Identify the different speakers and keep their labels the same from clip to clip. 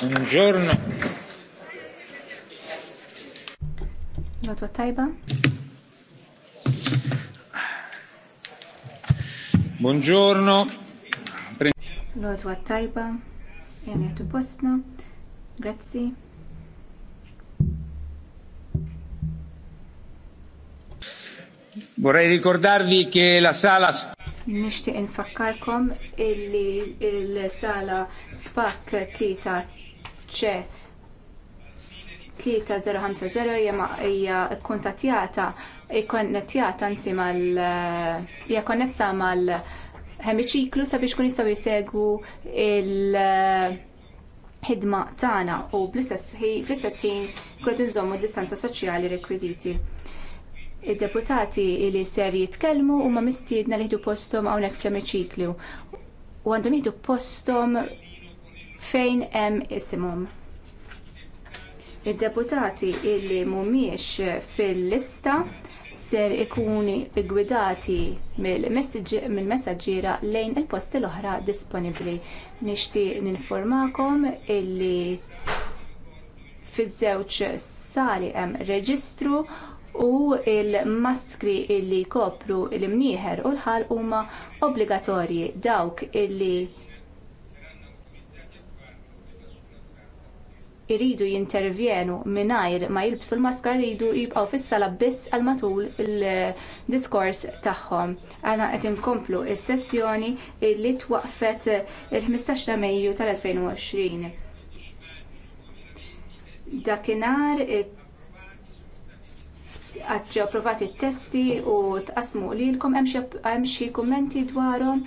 Speaker 1: Buongiorno. Buongiorno.
Speaker 2: Votwa tajba. Jenjatu postna. Grazie.
Speaker 1: Vorrei ricordarvi che la sala
Speaker 2: Nishti infakkarkom illi il-sala spak tita ċe 3050 hija kkuntattjata ikkonnettjata anzi mal hija konnessa mal hemiċiklu sabiex kun jistgħu jsegwu il ħidma tagħna u fl-istess ħin kont inżommu distanza soċjali rekwiżiti. Id-deputati li ser jitkellmu huma mistiedna li jieħdu posthom hawnhekk fl-hemiċiklu u għandhom jieħdu posthom fejn hemm isimhom. Id-deputati illi mhumiex fil-lista ser ikuni gwidati mill-messaġġiera lejn il-posti l-oħra disponibbli. Nixtieq ninformakom illi fiż-żewġ sali hemm reġistru u l maskri illi kopru l-imnieħer u l-ħal huma obbligatorji dawk illi iridu jintervjenu mingħajr ma jilbsu l-maskra jridu jibqgħu fis-sala biss għal matul il-diskors tagħhom. Għana qed inkomplu is-sessjoni li twaqfet il-15 ta' Mejju tal-2020. Dakinhar ġew approvati t-testi u tqasmu lilkom hemm xi kummenti dwarhom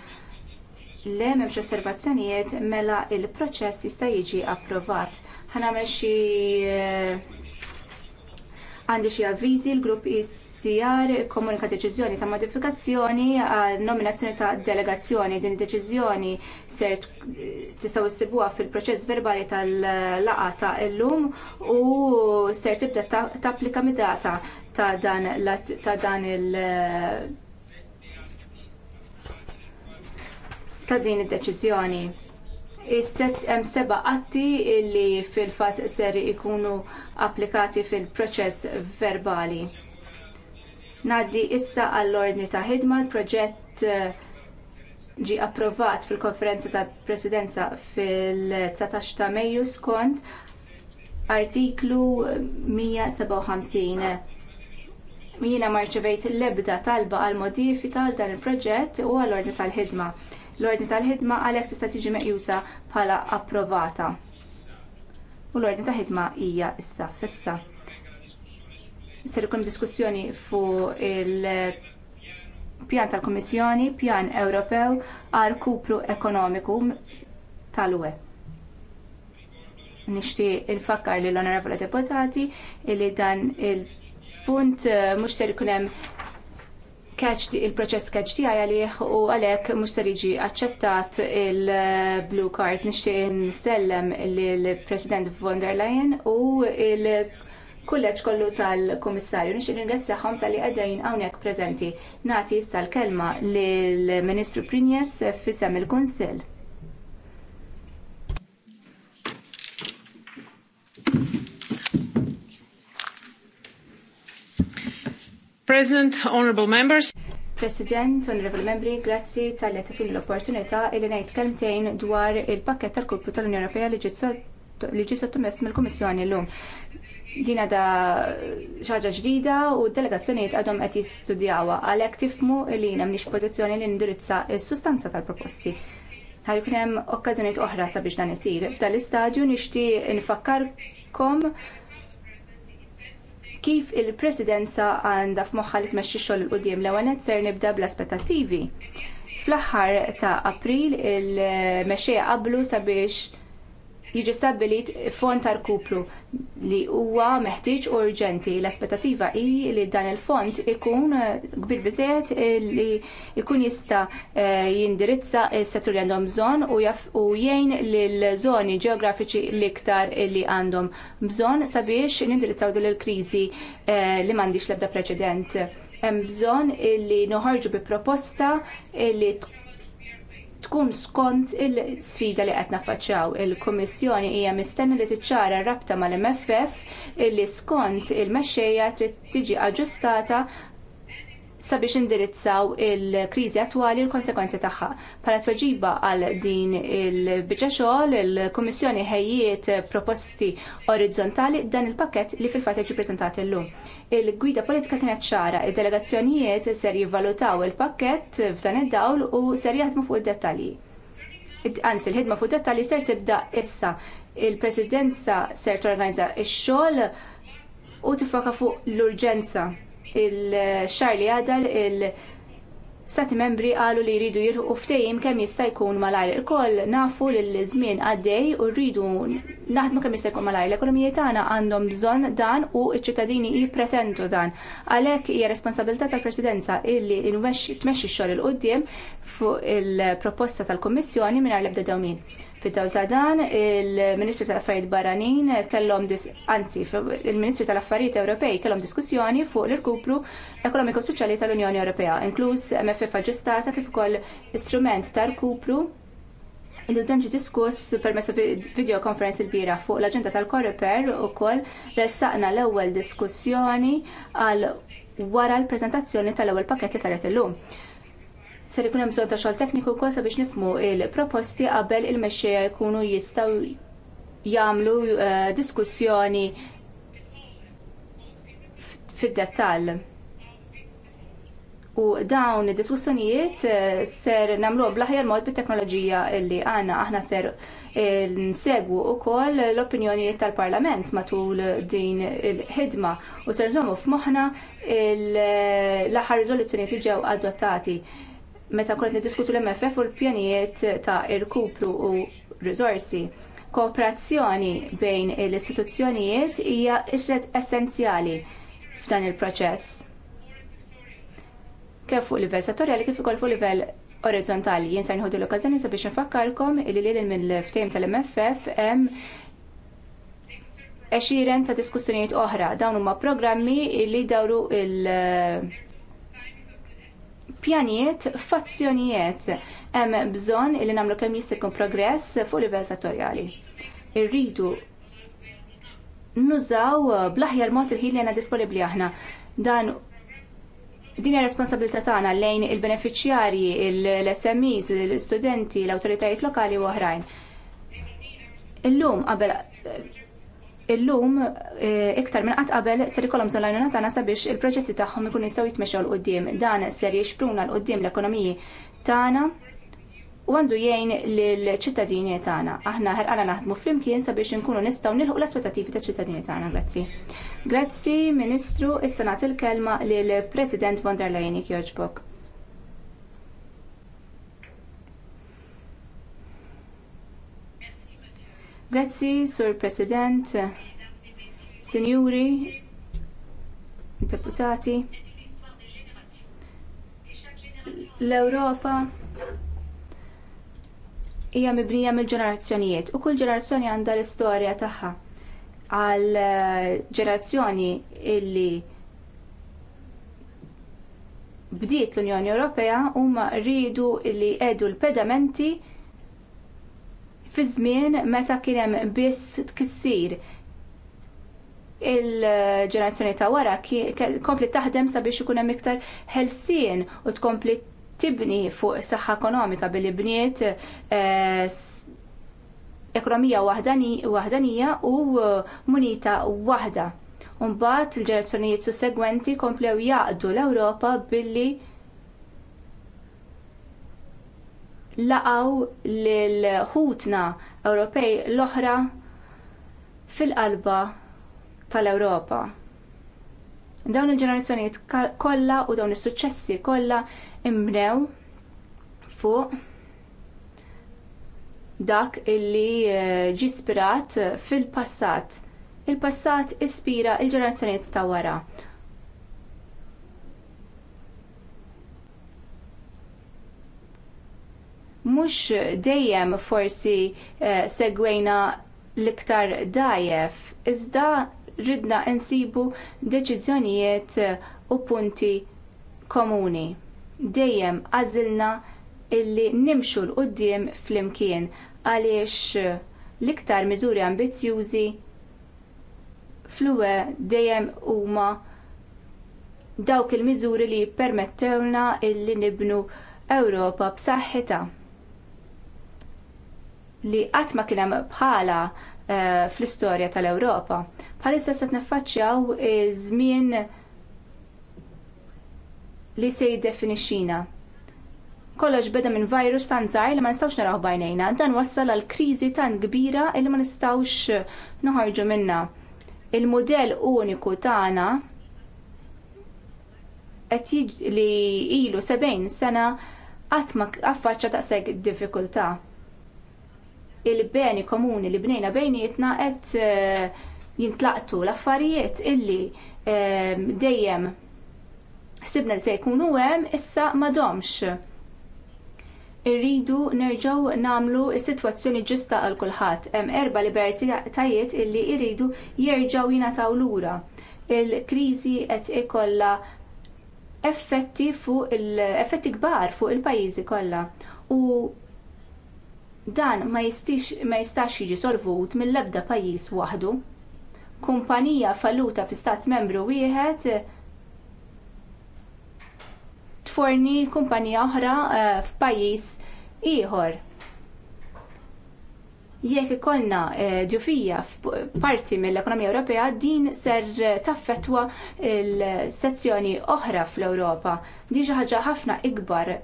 Speaker 2: le m'hemmx osservazzjonijiet mela l proċess jista' jiġi approvat ħanamel xi eh, għandi xi avviżi l-grupp ICR e komunika deċiżjoni ta' modifikazzjoni għal nominazzjoni ta' delegazzjoni. Din deċiżjoni ser tistgħu issibuha fil-proċess verbali tal-laqa ta' illum u ser tibda tapplika applika data ta' dan il- ta' din id-deċiżjoni hemm seba' atti li fil-fatt ser ikunu applikati fil-proċess verbali. Ngħaddi issa għall-ordni ta' ħidma l-proġett eh, ġie approvat fil-konferenza ta' presidenza fil-19 ta' Mejju skont artiklu 157. Jiena marċevejt l-ebda talba għal modifika għal dan il-proġett u għall-ordni tal-ħidma. L-ordni tal-ħidma għalhekk tista' tiġi meqjusa bħala approvata. U l-ordni ta' ħidma hija issa fissa. Ser ikun diskussjoni fuq il-pjan tal-Kummissjoni, pjan Ewropew għal kupru ekonomiku tal-UE nixtieq infakkar l onorevoli deputati li dan il-punt mhux se jkun hemm catch il-proċess catch tiegħi għalih u għalhekk mhux se jiġi aċċettat il-blue card nixtieq nsellem lill-President von der Leyen u il kulleġġ kollu tal-Kummissarju. Nixtieq ringrazzjahom tal-li qegħdin hawnhekk prezenti. Nati issa l-kelma lill-Ministru Prinjez fisem il-Kunsill.
Speaker 1: President, Honorable Members.
Speaker 2: President, Honorable Membri, grazzi tal-li l-opportunità li ngħid kelmtejn dwar il-pakket tal-Kulpu tal-Unjoni Ewropea li ġi sottomess mill-Kummissjoni llum. Dina da xaġa ġdida u d-delegazzjonijiet għadhom qed jistudjawha għalhekk tifhmu li jiena nix pożizzjoni li indirizza s-sustanza tal-proposti ħajkun hemm okkażjonijiet oħra sabiex dan isir. F'dan l-istadju nixtieq nfakkarkom kif il-presidenza għandha f'moħħa li tmexxi xogħol il-qudiem l-ewwel ser nibda bl-aspettattivi. Fl-aħħar ta' April il-mexxejja qablu sabiex jiġi stabbilit fond ta' kupru li huwa meħtieġ urġenti. L-aspettativa hi li dan il-fond ikun kbir biżejjed li jkun jista' eh, jindirizza s-settur li għandhom bżonn u jgħin lil żoni ġeografiċi l-iktar li għandhom bżonn sabiex nindirizzaw din il-kriżi eh, li m'għandix l-ebda preċedent. Hemm bżonn li noħorġu bi proposta li tkun skont il-sfida li qed naffaċċjaw. Il-Kummissjoni hija mistenni li tiċċara rabta mal-MFF illi skont il-mexxejja trid tiġi aġġustata sabiex indirizzaw il-kriżi attwali u l-konsekwenzi tagħha. Bħala tweġiba għal din il biċa xogħol, il-Kummissjoni ħejjiet proposti orizzontali dan il-pakkett li fil-fatt ġi preżentat illum. Il-gwida politika kienet ċara, id-delegazzjonijiet ser jivvalutaw il-pakkett f'dan id-dawl u ser jaħdmu fuq id-dettalji. Anzi, il-ħidma fuq dettalji ser tibda issa. Il-presidenza ser torganizza ix-xogħol u tifoka fuq l-urġenza il-xar li għadal il sati membri qalu li jridu jirħu ftejim kemm jista' jkun malajr. Il-koll nafu li l-żmien għaddej u rridu naħdmu kemm jista' jkun malajr. L-ekonomija tagħna għandhom bżonn dan u ċ-ċittadini jippretendu dan. Għalhekk hija responsabilità tal-Presidenza illi tmexxi x-xogħol il-qudiem fuq il-proposta tal-Kummissjoni mingħajr l-ebda dewmien fid ta' dan, il-Ministri tal-Affarijiet Barranin kellhom anzi, il-Ministri tal-Affarijiet Ewropej kellhom diskussjoni fuq l-irkupru ekonomiku soċjali tal-Unjoni Ewropea, inkluż MFF aġġustata kif ukoll istrument tal-kupru Il-dunġi diskuss permessa video konferenz il-bira fuq l-agenda tal-Koreper u koll ressaqna l-ewel diskussjoni għal wara l-prezentazzjoni tal-ewel pakket li saret illum. lum Ser ikun hemm bżonn ta' xogħol tekniku wkoll sabiex nifhmu l proposti qabel il-mexxejja jkunu jistgħu jagħmlu eh, diskussjoni fid-dettall. U dawn id-diskussjonijiet eh, ser nagħmlu bl-aħjar mod bit-teknoloġija li għandna aħna ser eh, nsegwu wkoll l-opinjonijiet tal-Parlament matul din il-ħidma u ser nżommu f'moħħna l-aħħar riżoluzzjonijiet li ġew adottati meta kont niddiskutu l-MFF u l-pjanijiet ta' irkupru u risorsi. Kooperazzjoni bejn l-istituzzjonijiet hija xred essenzjali f'dan il-proċess. Kif fuq livell settorjali kif ukoll fuq livell orizzontali. Jien se nħodu l-okkażjoni sabiex nfakkarkom li lil mill-ftehim tal-MFF hemm eċiren ta' diskussjonijiet oħra. Dawn huma programmi li dawru il- pjanijiet fazzjonijiet hemm bżonn li nagħmlu kemm jista' jkun progress fuq livell settorjali. Irridu nużaw bl-aħjar mod il-ħin li għandna disponibbli aħna. Dan din hija responsabilità tagħna lejn il-beneficjarji, l-SMEs, l-studenti, l-awtoritajiet lokali u oħrajn. Illum qabel illum eh, iktar minn qatt qabel ser ikollhom bżonn tagħna sabiex il-proġetti tagħhom ikunu jistgħu jitmexxew l qudiem Dan ser jixpruna l qudiem l-ekonomiji tagħna u għandu jgħin lill-ċittadini tagħna. Aħna ħerqala naħdmu flimkien sabiex inkunu nistgħu nilħu l-aspettativi taċ-ċittadini tagħna. Grazzi. Grazzi, Ministru, issa nagħti l-kelma lill-President von der Leyen jogħġbok. Grazzi, Sur President, Signori, Deputati. L-Europa hija mibnija mill-ġenerazzjonijiet u kull ġenerazzjoni għandha l-istorja tagħha għal eh, ġenerazzjoni illi bdiet l-Unjoni Ewropea huma rridu illi edu l-pedamenti fi żmien meta kien hemm biss tkissir il-ġenerazzjoni ta' wara kompli taħdem sabiex ikun hemm iktar ħelsien u tkompli tibni fuq saħħa ekonomika billi bniet eh, ekonomija waħdanija u eh, munita waħda. Umbat il-ġenerazzjonijiet sussegwenti komplew jaqdu l-Ewropa billi laqgħu lil ħutna Ewropej l-oħra fil-qalba tal-Ewropa. Dawn il-ġenerazzjonijiet kollha u dawn is-suċċessi kollha imbnew fuq dak illi eh, ġie spirat fil-passat. Il-passat ispira l ġenerazzjonijiet ta' wara mhux dejjem forsi uh, segwejna l-iktar dajef, iżda ridna insibu deċiżjonijiet eh, u punti komuni. Dejjem għażilna illi nimxu l-qoddim flimkien għaliex eh, l-iktar miżuri ambizzjużi fluwe dejjem huma dawk il-miżuri li jippermettewna illi nibnu Ewropa b'saħħitha li qatt ma kien hemm bħala eh, fl-istorja tal-Ewropa. Bħalissa se niffaċċjaw żmien li se jiddefinixxina. Kollox beda minn virus tan żgħar li ma nistgħux naraw bajnejna, dan wassal għal kriżi tan kbira li ma nistgħux noħarġu minnha. Il-mudell uniku tagħna qed li ilu 70 sena qatt ma affaċċja taqseg diffikultà il-beni komuni li bnejna bejnietna qed eh, jintlaqtu l-affarijiet illi eh, dejjem sibna li se jkunu hemm issa m'għadhomx. Irridu nerġgħu nagħmlu s-sitwazzjoni ġusta għal kulħadd. Hemm erba' libertajiet illi jridu jerġgħu jingħataw lura. Il-kriżi qed ikollha effetti fuq il-effetti kbar fuq il-pajjiżi kollha. U Dan ma, jistix, ma jistax jiġi solvut mill-ebda pajjiż waħdu. Kumpanija falluta fi stat membru wieħed eh, tforni kumpanija oħra eh, f'pajjiż ieħor. Jekk ikollna eh, ġufija f'parti mill-ekonomija Ewropea, din ser taffetwa l-sezzjoni oħra fl-Ewropa. Din xi ħaġa ħafna ikbar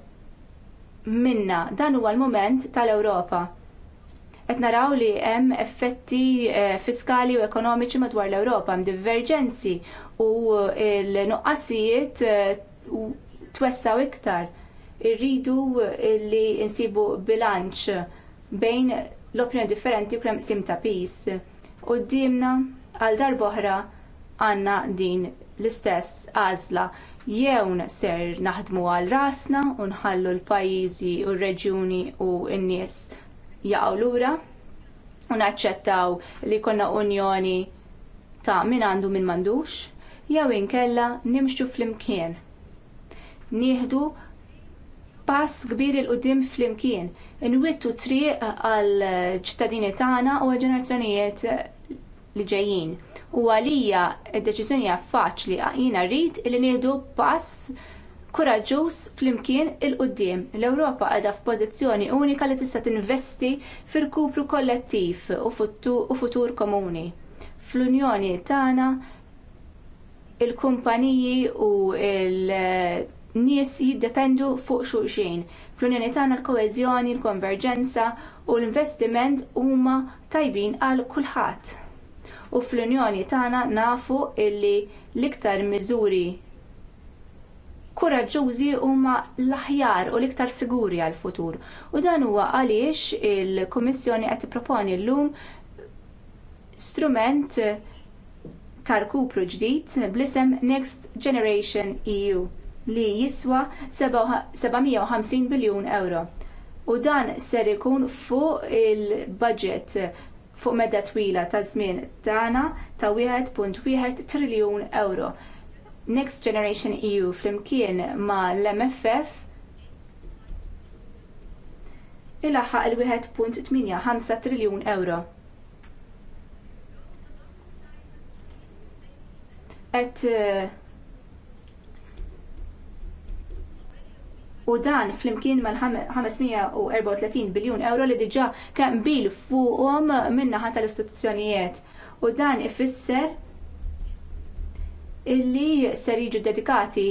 Speaker 2: minna. Dan huwa l-moment tal-Ewropa. Qed naraw li hemm effetti eh, fiskali u ekonomiċi madwar l-Ewropa, hemm diverġenzi u l-nuqqasijiet eh, twessaw iktar. Irridu li insibu bilanċ bejn l-opinjoni differenti u kemm sim ta' pis. U għal darboħra għandna din l-istess għażla jew ser naħdmu għal rasna u nħallu l-pajjiżi u r-reġjuni u n-nies jaqgħu lura u naċċettaw li jkollna unjoni ta' min għandu min m'għandux, jew inkella nimxu flimkien. Nieħdu pass kbir il qudiem flimkien, inwittu triq għal ċittadini tagħna u għal ġenerazzjonijiet li ġejjin. U għalija id-deċiżjoni faċli jiena rrid li nieħdu pass kuraġġuż flimkien il-qudiem. L-Ewropa qiegħda f'pożizzjoni unika li tista' tinvesti fir-kupru kollettiv u futur komuni. Fl-Unjoni tagħna il-kumpaniji u il- nies jiddependu fuq xulxin. Fl-unjoni tagħna l-koeżjoni, l-konverġenza u l-investiment huma tajbin għal kulħadd u fl-Unjoni tagħna nafu illi l-iktar miżuri kuraġġużi huma l-aħjar u l-iktar siguri għall futur U dan huwa għaliex il-Kummissjoni qed tipproponi llum strument ta' rkupru ġdid bl-isem Next Generation EU li jiswa 750 biljun euro. U dan ser ikun fuq il-budget fuq medda twila ta' żmien tagħna ta' 1.1 triljun euro. Next Generation EU flimkien ma' l-MFF ilaħħaq il-1.85 triljun euro. Et eh, u dan flimkien mal-534 biljun euro li diġà kemmbil bil fuqhom min-naħa tal-istituzzjonijiet. U dan ifisser illi ser jiġu dedikati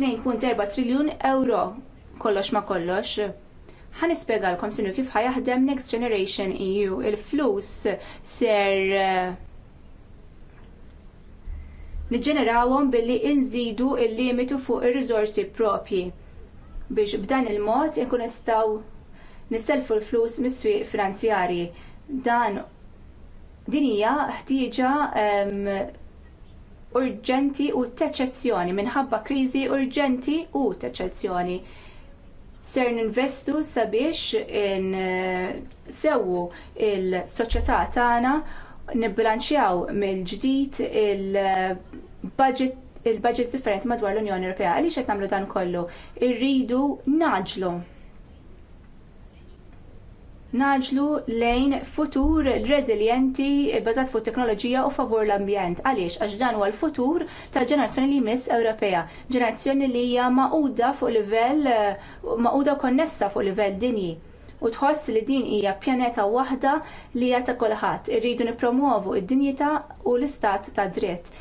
Speaker 2: 2.4 triljun euro kollox ma kollox. Ħan ispjegalkom sinu kif ħajaħdem Next Generation EU. Il-flus ser niġġenerawhom billi nżidu l limitu fuq ir-riżorsi propji biex b'dan il-mod ikun nistgħu nistelfu l-flus mis-swieq finanzjarji. Dan din hija ħtieġa ehm, urġenti u teċezzjoni minħabba kriżi urġenti u teċezzjoni. Ser ninvestu sabiex in eh, sewwu il-soċjetà tagħna nibbilanċjaw mill-ġdid il-budget il-budgets differenti madwar l-Unjoni Ewropea. Għaliex qed nagħmlu dan kollu? Irridu naġlu. Naġlu lejn futur reżiljenti bbażat fuq teknoloġija u favur l-ambjent. Għaliex għax dan huwa l-futur ta' ġenerazzjoni li jmiss Ewropea. Ġenerazzjoni li hija maquda fuq livell maquda konnessa fuq livell dinji u tħoss li din hija pjaneta waħda li hija ta' kulħadd. Irridu nippromuovu id-dinjità u l-istat ta' dritt.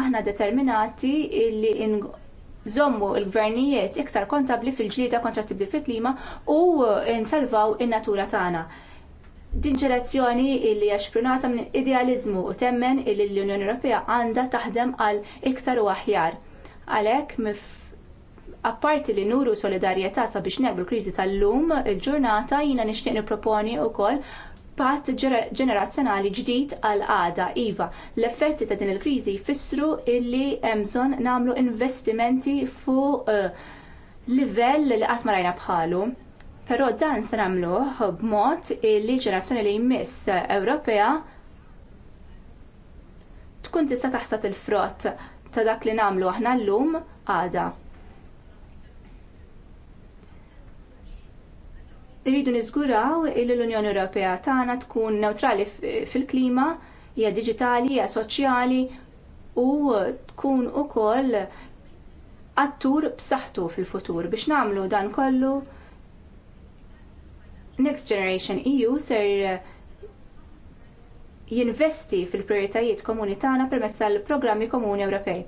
Speaker 2: Aħna determinati li nżommu l-gvernijiet iktar kontabli fil-ġlieda kontra tibdil fil-klima u nsalvaw in-natura tagħna din ġerazzjoni illi jaxprunata minn idealiżmu u temmen illi l-Unjoni Ewropea għandha taħdem għal iktar u aħjar. Għalhekk apparti li nuru solidarjetà sabiex nerbu l-kriżi tal-lum, il-ġurnata jiena nixtieq nipproponi wkoll patt ġenerazzjonali ġdid għal għada iva. L-effetti ta' din il-kriżi jfissru illi hemm bżonn nagħmlu investimenti fuq eh, livell li qatt ma rajna bħalu. Però dan se nagħmluh b'mod li ġenerazzjoni li jmiss Ewropea tkun tista' taħsad il-frott ta' dak li nagħmlu aħna llum għada. Irridu niżguraw li l-Unjoni Ewropea tagħna tkun neutrali fil-klima, hija diġitali, hija soċjali u tkun ukoll attur b'saħħtu fil-futur biex nagħmlu dan kollu Next Generation EU ser jinvesti fil-prioritajiet komuni tagħna permezz tal-programmi komuni Ewropej.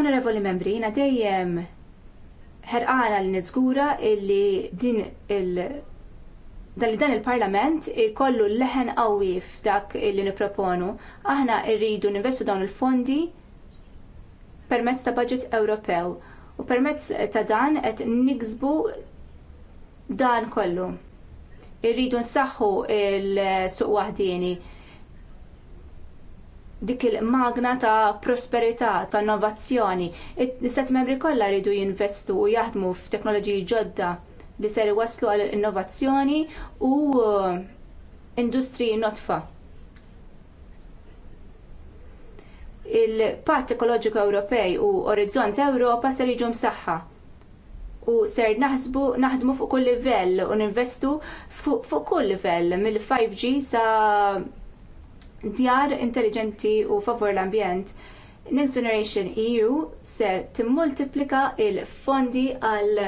Speaker 2: Onorevoli membri, jiena dejjem ħerqana li niżgura illi din il- dan li dan il-parlament l leħen qawwi f'dak li nipproponu. Aħna rridu ninvestu dawn il-fondi permezz ta' budget Ewropew u permezz ta' dan qed niksbu dan kollu. Irridu nsaħħu l-suq waħdieni dik il-magna ta' prosperità, ta' innovazzjoni. L-istat membri kollha jridu jinvestu u jaħdmu f'teknoloġiji ġodda li ser waslu għal innovazzjoni u uh, industriji notfa. Il-Patt Ekoloġiku Ewropej u Orizzont Ewropa ser jiġu msaħħa u ser naħsbu naħdmu fuq kull livell u ninvestu fuq kull livell mill-5G sa' djar intelligenti u favor l-ambjent. Next Generation EU ser timmultiplika il-fondi għal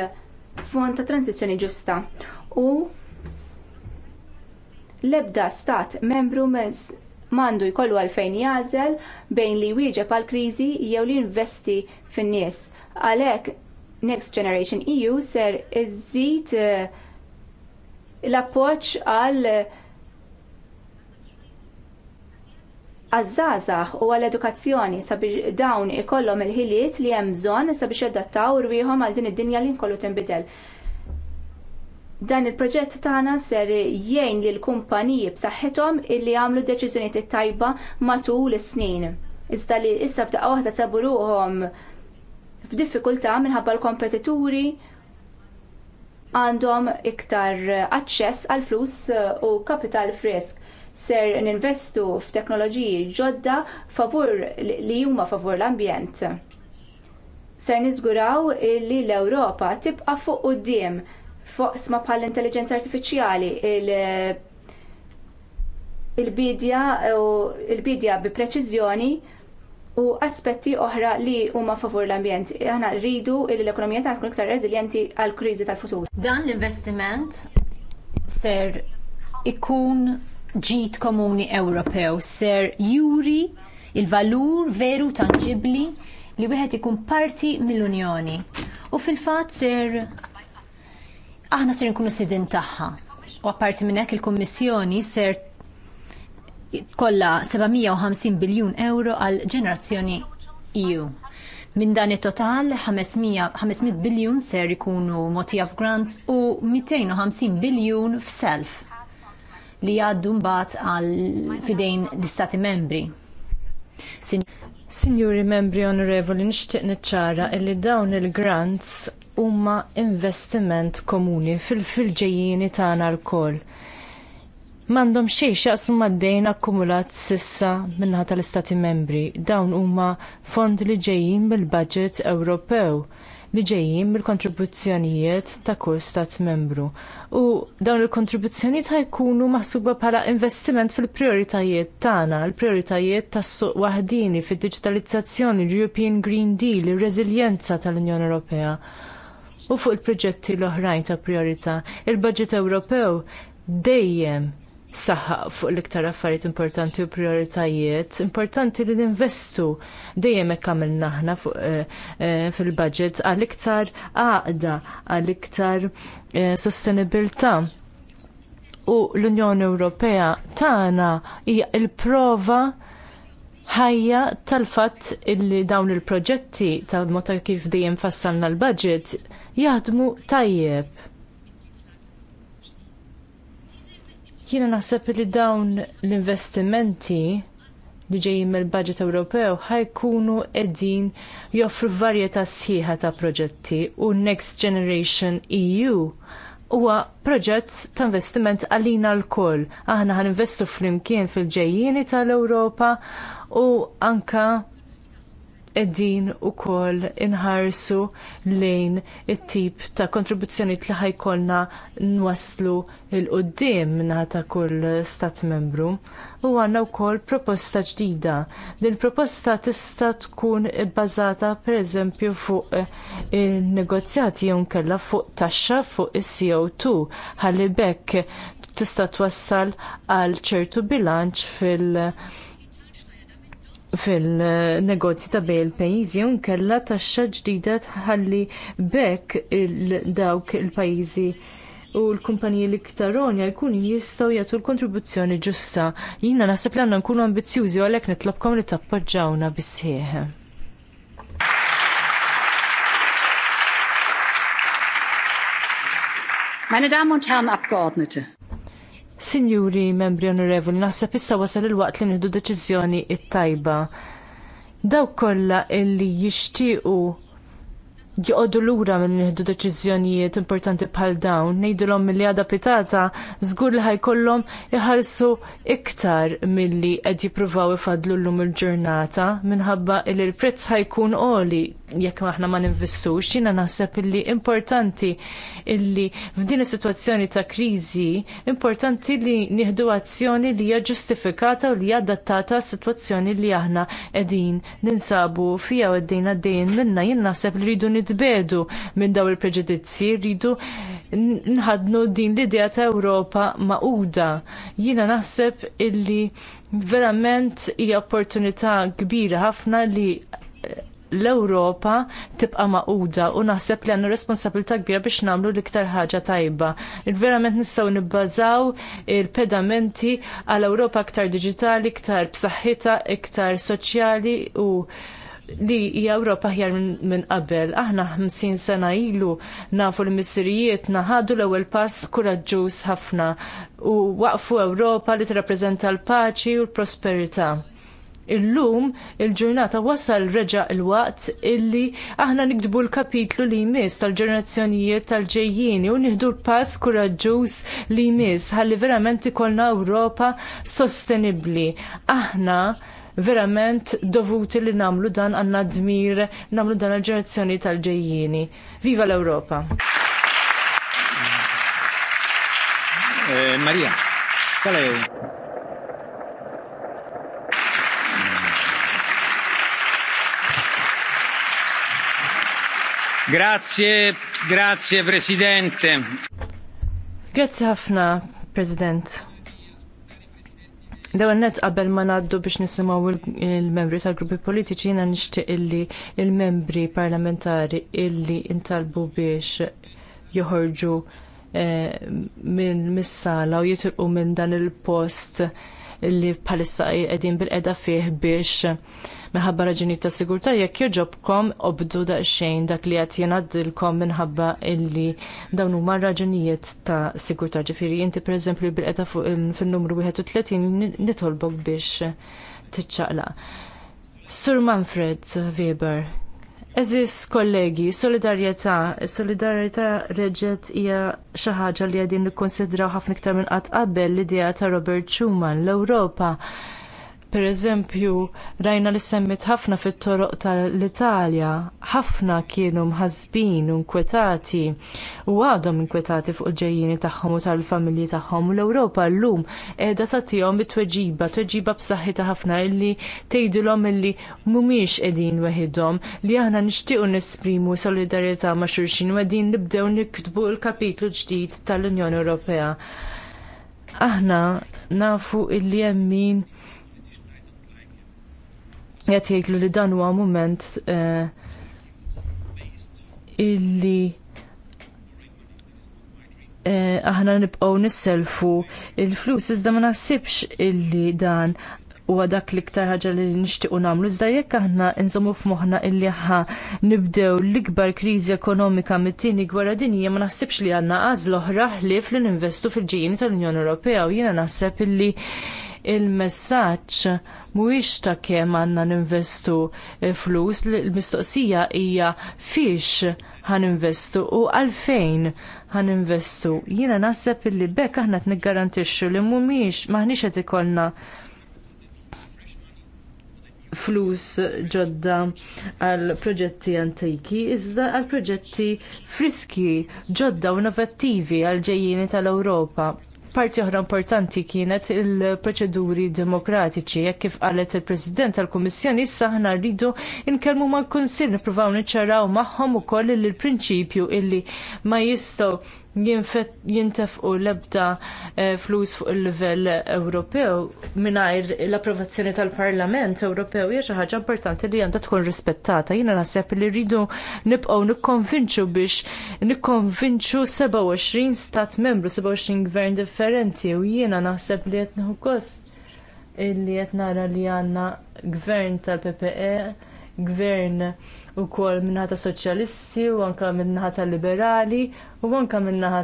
Speaker 2: fond ta' transizzjoni ġusta u l-ebda stat membru mandu jkollu għalfejn jażel bejn li wieġeb għal kriżi jew li investi fin-nies. Għalhekk Next Generation EU ser iżżid eh, l-appoġġ għal għazzazax u għall-edukazzjoni sabiex dawn ikollhom il-ħiliet li hemm bżonn sabiex jadattaw rwieħhom għal din id-dinja li nkollu tinbidel. Dan il-proġett tagħna ser jgħin lil kumpaniji b'saħħithom illi għamlu deċiżjonijiet tajba matul is-snin. Iżda li issa f'daqqa waħda sabu ruhom f'diffikultà minħabba l-kompetituri għandhom iktar aċċess għal flus u kapital frisk ser ninvestu f'teknoloġiji ġodda favur li huma favur l-ambjent. Ser niżguraw li l-Ewropa tibqa' fuq quddiem foqsma bħal intelligenza artifiċjali il-bidja il-bidja bi preċiżjoni u aspetti oħra li huma favur l-ambjent. Aħna rridu li l-ekonomija tagħna
Speaker 3: tkun iktar reżiljenti għall kriżi tal-futur. Dan l-investiment ser ikun ġit komuni Ewropew ser juri il-valur veru tangibbli li wieħed ikun parti mill-Unjoni. U fil-fatt ser aħna ser nkunu sidin tagħha. U apparti minn hekk il-Kummissjoni ser kollha 750 biljun euro għal ġenerazzjoni EU. Minn dan it-total 500, biljun ser ikunu motija f'grants u 250 biljun f'self
Speaker 1: li għaddu mbagħad għal fidejn l-istati membri. Sinjuri membri onorevoli, nixtieq niċċara li dawn il-grants huma investiment komuni fil-filġejjieni tagħna lkoll. M'għandhom xejn x'jaqsmu mad-dejn akkumulat sissa minnaħa tal-Istati Membri. Dawn huma fondi li ġejjin mill-Budget Ewropew li ġejjin mill-kontribuzzjonijiet ta' kull stat membru. U dawn il-kontribuzzjonijiet jkunu maħsuba bħala investiment fil-prioritajiet tagħna, l prioritajiet tas-suq waħdini fid-diġitalizzazzjoni, l-European Green Deal, ir-reżiljenza tal-Unjoni Ewropea u fuq il-proġetti l-oħrajn ta' priorità. Il-budget Ewropew dejjem saħħa fuq l-iktar affarijiet importanti u prioritajiet. Importanti li ninvestu dejjem hekk għamilna aħna eh, eh, fil-budget għal-iktar għaqda, għal-iktar eh, sostenibilità. U l-Unjoni Ewropea tagħna hija l-prova ħajja tal-fatt illi dawn il-proġetti tal-mod kif dejjem fassalna l-budget jaħdmu tajjeb Jiena naħseb li dawn l-investimenti li ġejjin mill-budget Ewropew ħajkunu qegħdin joffru varjetà sħiħa ta' proġetti u Next Generation EU huwa proġett ta' investiment għalina lkoll. Aħna fl flimkien fil ġejjini tal-Ewropa u anke qegħdin ukoll inħarsu lejn it-tip ta' kontribuzzjoni li ħajkollna nwasslu il-qoddim ta' kull stat membru. U għandna wkoll proposta ġdida. Din proposta tista' tkun bbażata pereżempju fuq il-negozjati jew nkella fuq taxxa fuq is-CO2 ħalli bekk tista' twassal għal ċertu bilanċ fil- fil-negozji ta' bej il-pajjiżi nkella taxxa ġdida tħalli bekk dawk il-pajjiżi u l-kumpaniji l-iktar onja jkunu jistgħu jagħtu l-kontribuzzjoni ġusta. Jiena naħseb li għandna nkunu ambizzjużi u għalhekk nitlobkom li tappoġġawna bisħieħ. Meine Damen und Herren Abgeordnete. Sinjuri membri onorevoli, naħseb issa wasal il-waqt li nieħdu deċiżjoni t tajba Dawk kollha illi jixtiequ l lura minn jihdu deċiżjonijiet importanti bħal dawn, mill milli għada pitata żgur li ħajkollom iħallsu iktar milli qed jippruvaw ifadlu llum il-ġurnata minħabba li l-prezz ħajkun għoli jekk aħna ma ninvestux, jiena naħseb illi importanti illi f'din is-sitwazzjoni ta' kriżi importanti li nieħdu azzjoni li hija ġustifikata u li hija adattata s-sitwazzjoni li aħna qegħdin ninsabu fija u qegħdin għaddejjin minnha jien naħseb li rridu nitbedu minn daw il-preġedizzi, rridu nħadnu din l-idea ta' Ewropa maquda. Jiena naħseb illi verament hija opportunità kbira ħafna li eh, l-Ewropa tibqa maquda u naħseb li għandna responsabilità kbira biex nagħmlu l-iktar ħaġa tajba. Verament nistgħu nibbażaw il-pedamenti għal Ewropa iktar diġitali, iktar b'saħħitha, iktar soċjali u li hija Ewropa ħjar minn qabel. Aħna 50 sena ilu nafu l-missirijiet naħadu l-ewwel pass kuraġġuż ħafna u waqfu Ewropa li tirrappreżenta l-paċi u l-prosperità. Illum il-ġurnata wasal reġa' il-waqt illi aħna nikdbu l-kapitlu li jmiss tal-ġenerazzjonijiet tal-ġejjini u nieħdu l-pass kuraġġuż li jmiss ħalli verament ikollna Ewropa sostenibbli. Aħna verament dovuti li namlu dan għanna dmir, namlu dan għal-ġerazzjoni tal-ġejjini. Viva l-Europa! Eh, Maria, qual è? Grazie,
Speaker 3: grazie Presidente.
Speaker 1: Grazie ħafna, President l net nett qabel ma ngħaddu biex nisimgħu il-membri tal-gruppi politiċi jiena nixtieq illi il-membri parlamentari illi intalbu biex joħorġu eh, minn missala sala u jitilqu minn dan il-post li bħalissa qegħdin bil-qeda fih biex minħabba raġunijiet ta' sigurtà jekk joġobkom obdu daqsxejn dak li qed jingħaddilkom minħabba illi dawn huma raġunijiet ta' sigurtà. Ġifieri inti pereżempju bil fuq fin-numru 31 nitolbok biex tiċċaqla. Sur Manfred Weber, Eżis kollegi, solidarjetà, solidarjetà reġet hija xi ħaġa li qegħdin nikkonsidraw ħafna iktar minn qatt qabel l-idea ta' Robert Schuman l-Ewropa Pereżempju, rajna li semmit ħafna fit-toroq tal-Italja, ħafna kienu mħazbin u nkwetati u għadhom inkwetati fuq ġejjini tagħhom u tal-familji tagħhom u l-Ewropa llum qiegħda tagħtihom it-tweġiba, tweġiba b'saħħitha ħafna illi tgħidilhom illi mhumiex qegħdin weħidhom li aħna nixtiequ nesprimu solidarjetà ma' xulxin u qegħdin nibdew niktbu l-kapitlu ġdid tal-Unjoni Ewropea. Aħna nafu illi hemm min Jgħat jgħidlu li dan huwa mument uh, illi uh, aħna nibqgħu nisselfu il-flus iżda ma naħsibx illi dan huwa dak l-iktar ħaġa li nixtiequ nagħmlu. Iżda jekk aħna nżommu f'moħħna illi aħna nibdew l-ikbar kriżi ekonomika mit-tieni gwara dinja ma naħsibx li għandna għażla oħra ħlief li ninvestu fil-ġejjin tal-Unjoni Ewropea u jiena naħseb illi il-messaġġ mhuwiex ta' kemm għandna ninvestu flus, l mistoqsija hija fiex ħaninvestu u għalfejn ħaninvestu. Jiena naħseb illi bekk aħna t-niggarantixxu li mhumiex maħniex qed ikollna flus ġodda għal proġetti antiki, iżda għal proġetti friski, ġodda u innovattivi għal ġejjini tal-Ewropa. Parti oħra importanti kienet il-proċeduri demokratiċi, jekk kif qalet il-President tal-Kummissjoni issa aħna rridu nkellmu mal-Kunsill nipruvaw niċċaraw magħhom ukoll il-prinċipju illi ma jistgħu jintefqu l-ebda eh, flus fuq il-livell Ewropew mingħajr l-approvazzjoni tal-Parlament Ewropew hija xi ħaġa importanti li għandha tkun rispettata. Jiena naħseb li rridu nibqgħu nikkonvinċu biex nikkonvinċu 27 stat membru, 27 gvern differenti u jiena naħseb li qed nieħu kost illi qed nara li għandna gvern tal-PPE gvern u min-naħa soċjalisti u anke min liberali u anke min-naħa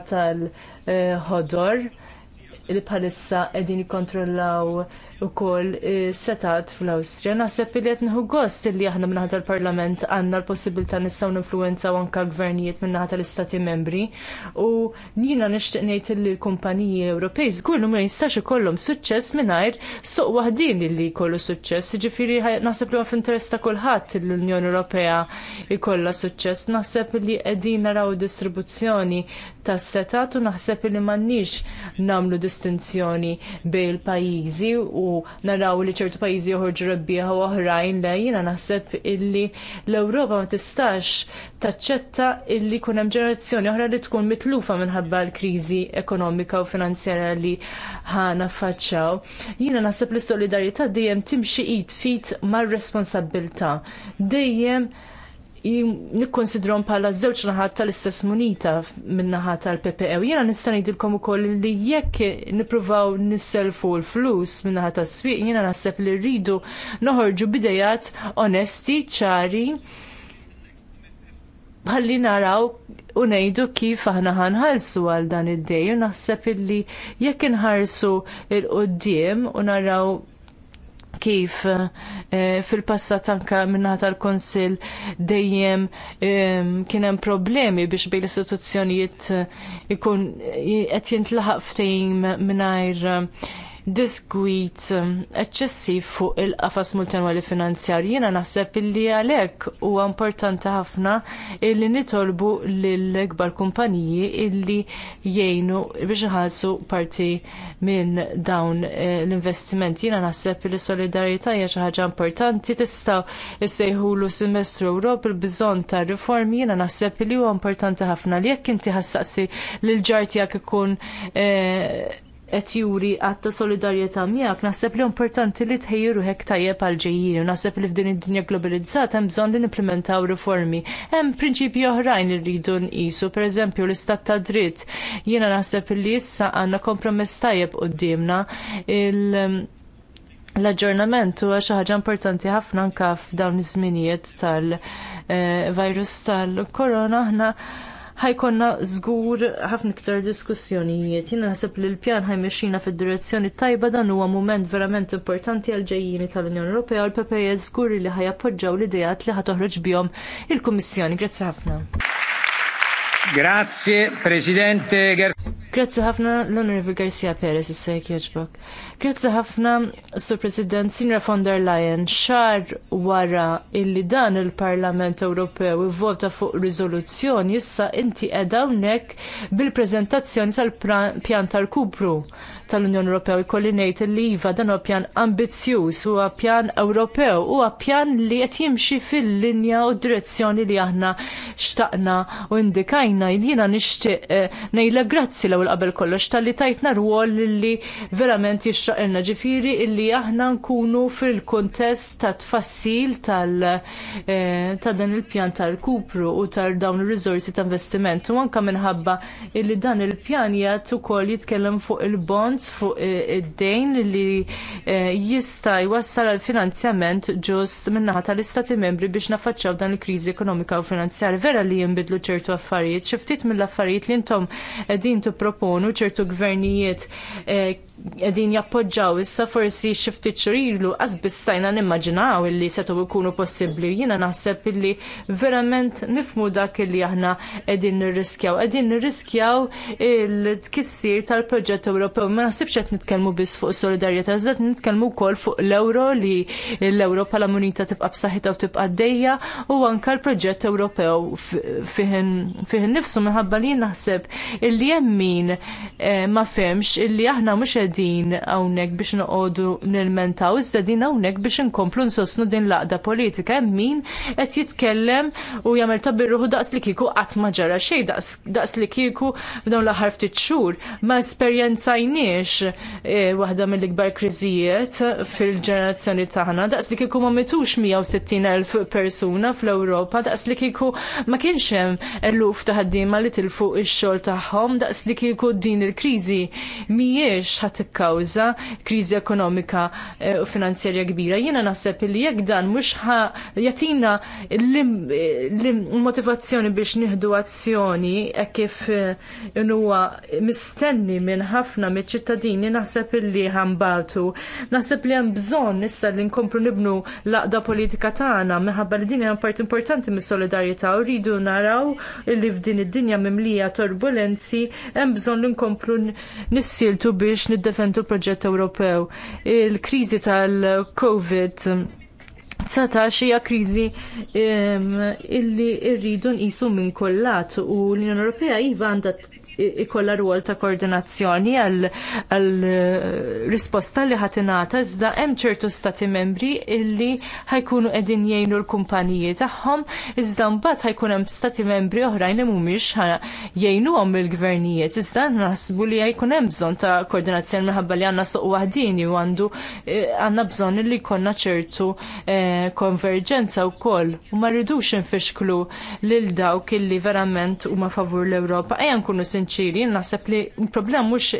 Speaker 1: ħodor li bħalissa qegħdin jikkontrollaw kol e, setat fl-Awstrija. Naħseb li qed nħu gost illi aħna minnaħat tal-Parlament għandna l-possibilità nistgħu ninfluwenzaw anka l-gvernijiet minnaħat tal-Istati membri u jiena nixtieq ngħid li l-kumpaniji Ewropej żgur ma jistax ikollhom suċċess mingħajr suq li li jkollu suċċess. Ġifiri naħseb li għaf f'interess ta' kulħadd l-Unjoni Ewropea jkollha suċċess. Naħseb li qegħdin naraw distribuzzjoni tas setat u naħseb li m'għandniex nagħmlu distinzjoni bejn il-pajjiżi u naraw li ċertu pajjiżi joħorġu rebbieħa u oħrajn li jiena naħseb illi l-Ewropa ma tistax taċċetta illi kun hemm ġenerazzjoni oħra li tkun mitlufa minħabba l-kriżi ekonomika u finanzjarja li ħana faċċaw. Jiena naħseb li solidarjetà dejjem timxi id fit mar-responsabbiltà. Dejjem nikkonsidrom bħala żewġ naħat tal-istess munita min-naħa tal-PPE. Jiena nista' ngħidilkom ukoll li jekk nippruvaw nisselfu l-flus min-naħa tas-swieq, jiena naħseb li rridu noħorġu bidejat onesti, ċari, bħalli naraw u ngħidu kif aħna ħanħallsu għal dan id-dej u naħseb illi jekk inħarsu il-qoddim u naraw kif eh, fil-passat anka minnaħat tal-Konsil dejjem ehm, kienem kien hemm problemi biex bej l-istituzzjonijiet eh, ikun eh, qed jintlaħaq ftehim mingħajr diskwit um, eċċessiv fuq il-qafas multanwali finanzjarji. Jiena naħseb illi għalhekk huwa importanti ħafna illi nitolbu lill ikbar kumpaniji illi jgħinu biex iħallsu parti minn dawn eh, l-investimenti. Jiena naħseb li solidarjetà hija xi ħaġa importanti tistgħu issejħulu semestru Ewrop il-bżonn ta' riformi jiena naħseb li huwa importanti ħafna li jekk inti ħassaqsi lil ġar tiegħek ikun eh, qed juri għatta solidarjetà miegħek, naħseb li importanti li tħejjiru hekk tajjeb għal ġejjin u naħseb li f'din id-dinja globalizzata hemm bżonn li nimplementaw riformi. Hemm prinċipji oħrajn li rridu nqisu, pereżempju l-istat ta' dritt. Jiena naħseb li issa għandna kompromess tajjeb qudiemna il- um, L-aġġornament huwa xi ħaġa importanti ħafna anke f'dawn iż-żminijiet tal-virus eh, tal-korona aħna ħajkonna żgur ħafna iktar diskussjonijiet. Jiena naħseb li l-pjan ħajmexina fid-direzzjoni tajba dan huwa mument verament importanti għal ġejjini tal-Unjoni Ewropea u l-PPE żgur li ħajappoġġaw l-idejat li ħatoħroġ bihom il-Kummissjoni. Grazzi ħafna. Grazie, Presidente Grazzi ħafna l-Onorevoli Garcia Perez issa jogħġbok. Grazzi ħafna, Sur President Sinra von der Leyen, xar wara illi dan il-Parlament Ewropew ivvota fuq riżoluzzjoni issa inti qed hawnhekk bil-preżentazzjoni tal-pjan tal-Kupru tal-Unjoni Ewropew jkolli ngħid li iva dan huwa pjan ambizzjuż huwa pjan Ewropew huwa pjan li qed jimxi fil-linja u direzzjoni li aħna xtaqna u indikajna jiena nixtieq eh, ngħidla grazzi l-ewwel qabel kollox li tajtna rwol li verament ilna ġifieri illi aħna nkunu fil-kuntest ta' tfassil tal eh, ta' dan il-pjan tal-kupru u tal dawn ir-riżorsi ta' investiment u anke minħabba illi dan il-pjan jgħat ukoll jitkellem fuq il-bond ammont fuq eh, id-dejn li eh, jista' jwassal għal finanzjament ġust min-naħa tal-istati membri biex nafaċċaw dan il-kriżi ekonomika u finanzjarja. Vera li jinbidlu ċertu affarijiet, xi ftit mill-affarijiet li intom qegħdin tipproponu ċertu gvernijiet eh, qegħdin jappoġġaw issa forsi xifti ftit għazbistajna stajna nimmaġinaw illi setgħu jkunu possibbli jiena naħseb illi verament nifmu dak illi aħna qegħdin nirriskjaw. Qegħdin nirriskjaw il-tkissir tal-proġett Ewropew. Ma naħsibx qed nitkellmu biss fuq solidarieta għazet nitkellmu wkoll fuq l-euro li l-euro bħala munita tibqa' b'saħħitha u tibqa' dejja u anke l-proġett Ewropew fiħin nifsu minħabba li naħseb illi hemm min eh, ma femx illi aħna mhux Din hawnhekk biex noqogħdu nilmentaw, iżda din hawnhekk biex inkomplu nsostnu din l-għaqda politika hemm min qed jitkellem u jagħmel tabirruħu daqs li kieku qatt ma ġara xej, daqs li kieku f'dawn l-aħħar ftit xhur ma esperjenzajniex e, waħda mill-ikbar kriżijiet fil-ġenerazzjoni tagħna, daqs li kieku ma mitux 160,000 persuna fl-Ewropa, daqs li kieku ma kienx hemm eluf ta' ħaddiema li tilfu ix-xogħol tagħhom, daqs li kieku din il-kriżi mhijiex tikkawża kriżi ekonomika eh, u finanzjarja kbira. Jiena naħseb li jekk dan mhux jagħtina l-motivazzjoni biex nieħdu azzjoni e kif eh, huwa mistenni minn ħafna miċ-ċittadini naħseb illi ħambatu. Naħseb li hemm bżonn issa li nkomplu nibnu laqda politika tagħna minħabba li din hemm part importanti mis-solidarjetà u rridu naraw li f'din id-dinja mimlija turbulenzi hemm bżonn li nkomplu nissiltu biex nid ...defendu l-proġett Ewropew. Il-kriżi tal-COVID 19 hija kriżi illi rridu nqisu minn kollat u l-Unjoni Ewropea iva għandha ikolla rwol ta' koordinazzjoni għal eh, risposta li ħatinata iżda hemm ċertu stati membri illi ħajkunu qegħdin jgħinu l-kumpaniji tagħhom iżda mbagħad ħajkun hemm stati membri oħrajn li mhumiex jgħinuhom il-gvernijiet iżda naħsbu li jkun hemm bżonn ta' koordinazzjoni minħabba li għandna suq waħdin u għandu eh, għandna bżonn li jkollna ċertu eh, konverġenza wkoll u ma rridux infixklu lil dawk illi verament huma favur l-Ewropa ejja nkunu sin sinċiri, naħseb li il-problema mhux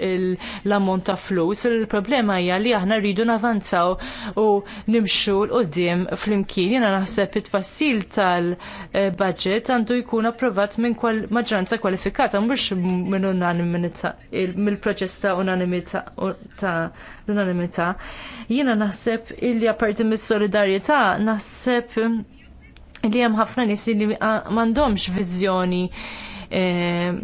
Speaker 1: l-ammont ta' flus, il-problema hija li aħna rridu navanzaw u nimxu l-qoddim fl-imkien. Jiena naħseb it-tfassil tal-budget għandu jkun approvat minn maġġoranza kwalifikata, mhux minn unanimità, mill-proċess ta' unanimità l-unanimità. Jiena naħseb illi apparti mis-solidarjetà naħseb li hemm ħafna nies li m'għandhomx viżjoni eh,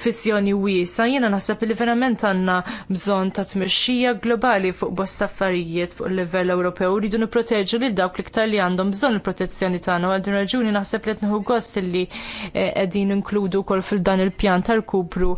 Speaker 1: fissjoni wiesa, jiena naħseb li verament għandna bżonn ta' tmexxija globali fuq bosta affarijiet fuq il-livell Ewropew rridu nipproteġu lil dawk l-iktar li għandhom bżonn il-protezzjoni tagħna u għandhom raġuni naħseb li qed nieħu gost li eh, qegħdin inkludu wkoll fil-dan il-pjan tal-kupru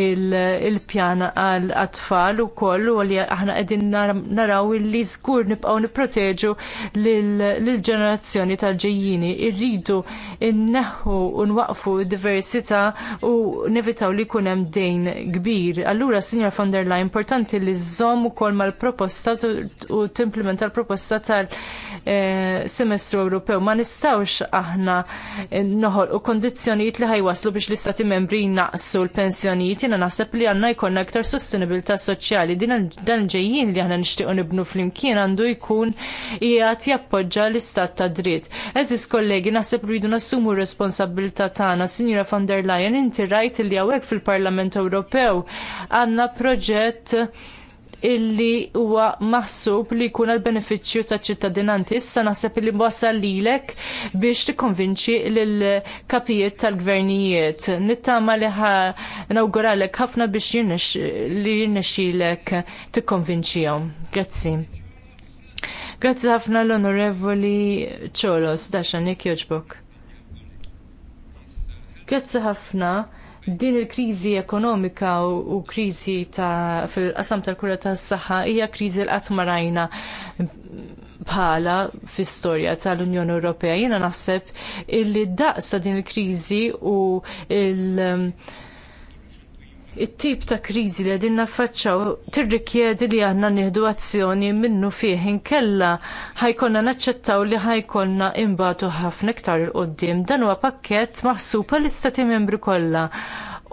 Speaker 1: il-pjan għal tfal ukoll u li aħna qegħdin naraw li żgur nibqgħu nipproteġu lill-ġenerazzjoni tal-ġejjini. Irridu nneħħu u nwaqfu d diversità u nevitaw li jkun hemm dejn kbir. Allura, Signor von der Leyen, importanti li żżomm ukoll mal-proposta u timplementa l-proposta tal-semestru eh, Ewropew. Ma nistawx aħna eh, noħolqu kondizzjonijiet li ħajwaslu biex l-istati membri naqsu l-pensjonijiet. jena naħseb li għandna jkollna aktar sostenibilità soċjali. Din Dan ġejjin li aħna nixtiequ nibnu flimkien għandu jkun jgħat jappoġġa l-istat ta' dritt. Eżis kollegi, naħseb rridu nassumu r responsabilità tagħna, signora von der Leyen Leyen, inti rajt li hawnhekk fil-Parlament Ewropew għandna proġett illi huwa maħsub li jkun għal benefiċċju taċ ċittadinanti. Issa naħseb li wasal lilek biex tikkonvinċi lill-kapijiet tal-gvernijiet. Nittama li ħa nawguralek ħafna biex li jirnexxilek tikkonvinċihom. Grazzi. Grazzi ħafna l-Onorevoli Ċolos, daċan jek joġbok. Grazzi ħafna din il-kriżi ekonomika u kriżi ta' fil-qasam tal-kura tas-saħħa hija kriżi l-qatt ma rajna bħala fl-istorja tal-Unjoni Ewropea. Jiena naħseb illi daqs ta' din il-kriżi u l- it-tip ta' kriżi li għedin naffaċċaw tirrikjedi li aħna nieħdu azzjoni minnu fih inkella ħajkonna naċċettaw li ħajkonna imbatu ħafna iktar il qoddim Dan huwa pakkett maħsub għall-istati membri kollha.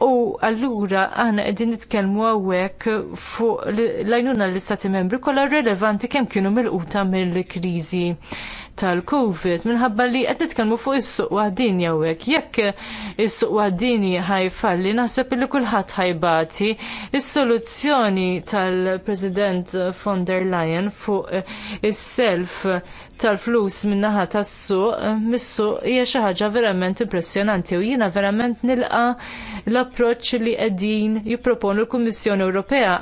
Speaker 1: U allura aħna qegħdin nitkellmu hawnhekk fuq l-għajnuna l-istati membri kollha relevanti kemm kienu milquta mill-kriżi tal-Covid minħabba li qed nitkellmu fuq is-suq waħdin hekk is-suq għaddini ħajfalli naħseb li kulħadd ħajbati. Is-soluzzjoni tal-President von der Leyen fuq is-self tal-flus min-naħa tas-suq mis-suq hija xi ħaġa verament impressjonanti u jiena verament nilqa l-approċċ li qegħdin jipproponu l-Kummissjoni Ewropea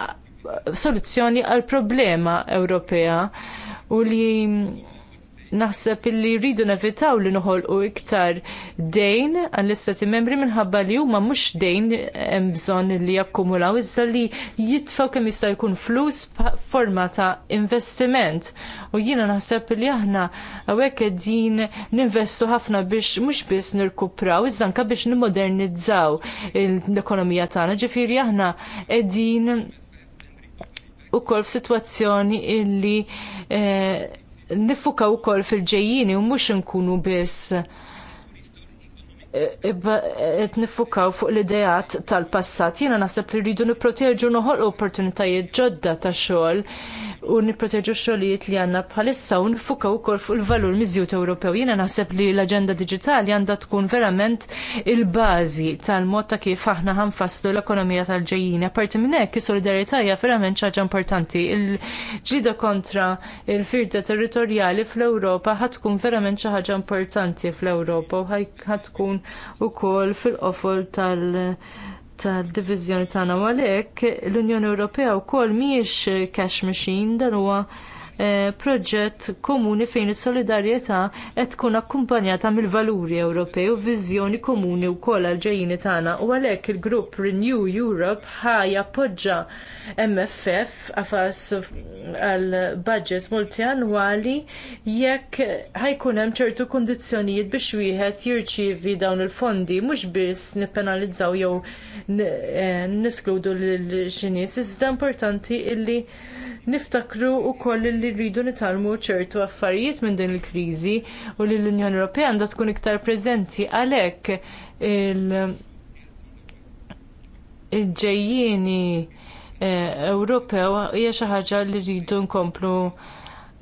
Speaker 1: soluzzjoni għall problema Ewropea u li naħseb illi rridu nevitaw li noħolqu iktar dejn għall-istati membri minħabba li huma mhux dejn hemm bżonn li jakkumulaw iżda li jitfgħu kemm jista' jkun flus forma ta' investiment. U jiena naħseb li aħna hawnhekk qegħdin ninvestu ħafna biex mhux biss nirkupraw iżda anke biex nimmodernizzaw l-ekonomija tagħna. Ġifieri aħna qegħdin ukoll f'sitwazzjoni illi eh, nifuka kol fil-ġejjini u mhux nkunu biss qed e, e, nifukaw fuq l-idejat tal-passat. Jiena naħseb li rridu nipproteġu noħolqu opportunitajiet ġodda ta' xogħol u nipproteġu xogħlijiet li għandna bħalissa u nfukaw ukoll fuq il-valur miżjut Ewropew. Jiena naħseb li l-aġenda diġitali għandha tkun verament il-bażi tal-mod ta' kif aħna ħanfasslu l-ekonomija tal-ġejjin. Apparti minn hekk is-solidarità hija verament xi ħaġa importanti. Il-ġlida kontra il-firda territorjali fl-Ewropa ħatkun verament xi ħaġa importanti fl-Ewropa u ħatkun ukoll fil-qofol tal- tal-diviżjoni tagħna u għalhekk l-Unjoni Ewropea wkoll mhijiex cash machine dan huwa proġett komuni fejn is-solidarjetà qed tkun akkumpanjata mill-valuri Ewropej u viżjoni komuni wkoll għal ġejjini tagħna u għalhekk il-grupp Renew Europe ħa jappoġġa MFF għafas għal budget multianwali jekk ħajkun hemm ċertu kundizzjonijiet biex wieħed jirċievi dawn il-fondi mhux biss nippenalizzaw jew niskludu lil xi nies iżda importanti illi niftakru wkoll li rridu nitalmu ċertu affarijiet minn din il-kriżi u li l-Unjoni Ewropea għandha tkun iktar preżenti għalhekk il-ġejjieni eh, Ewropew hija xi ħaġa li rridu nkomplu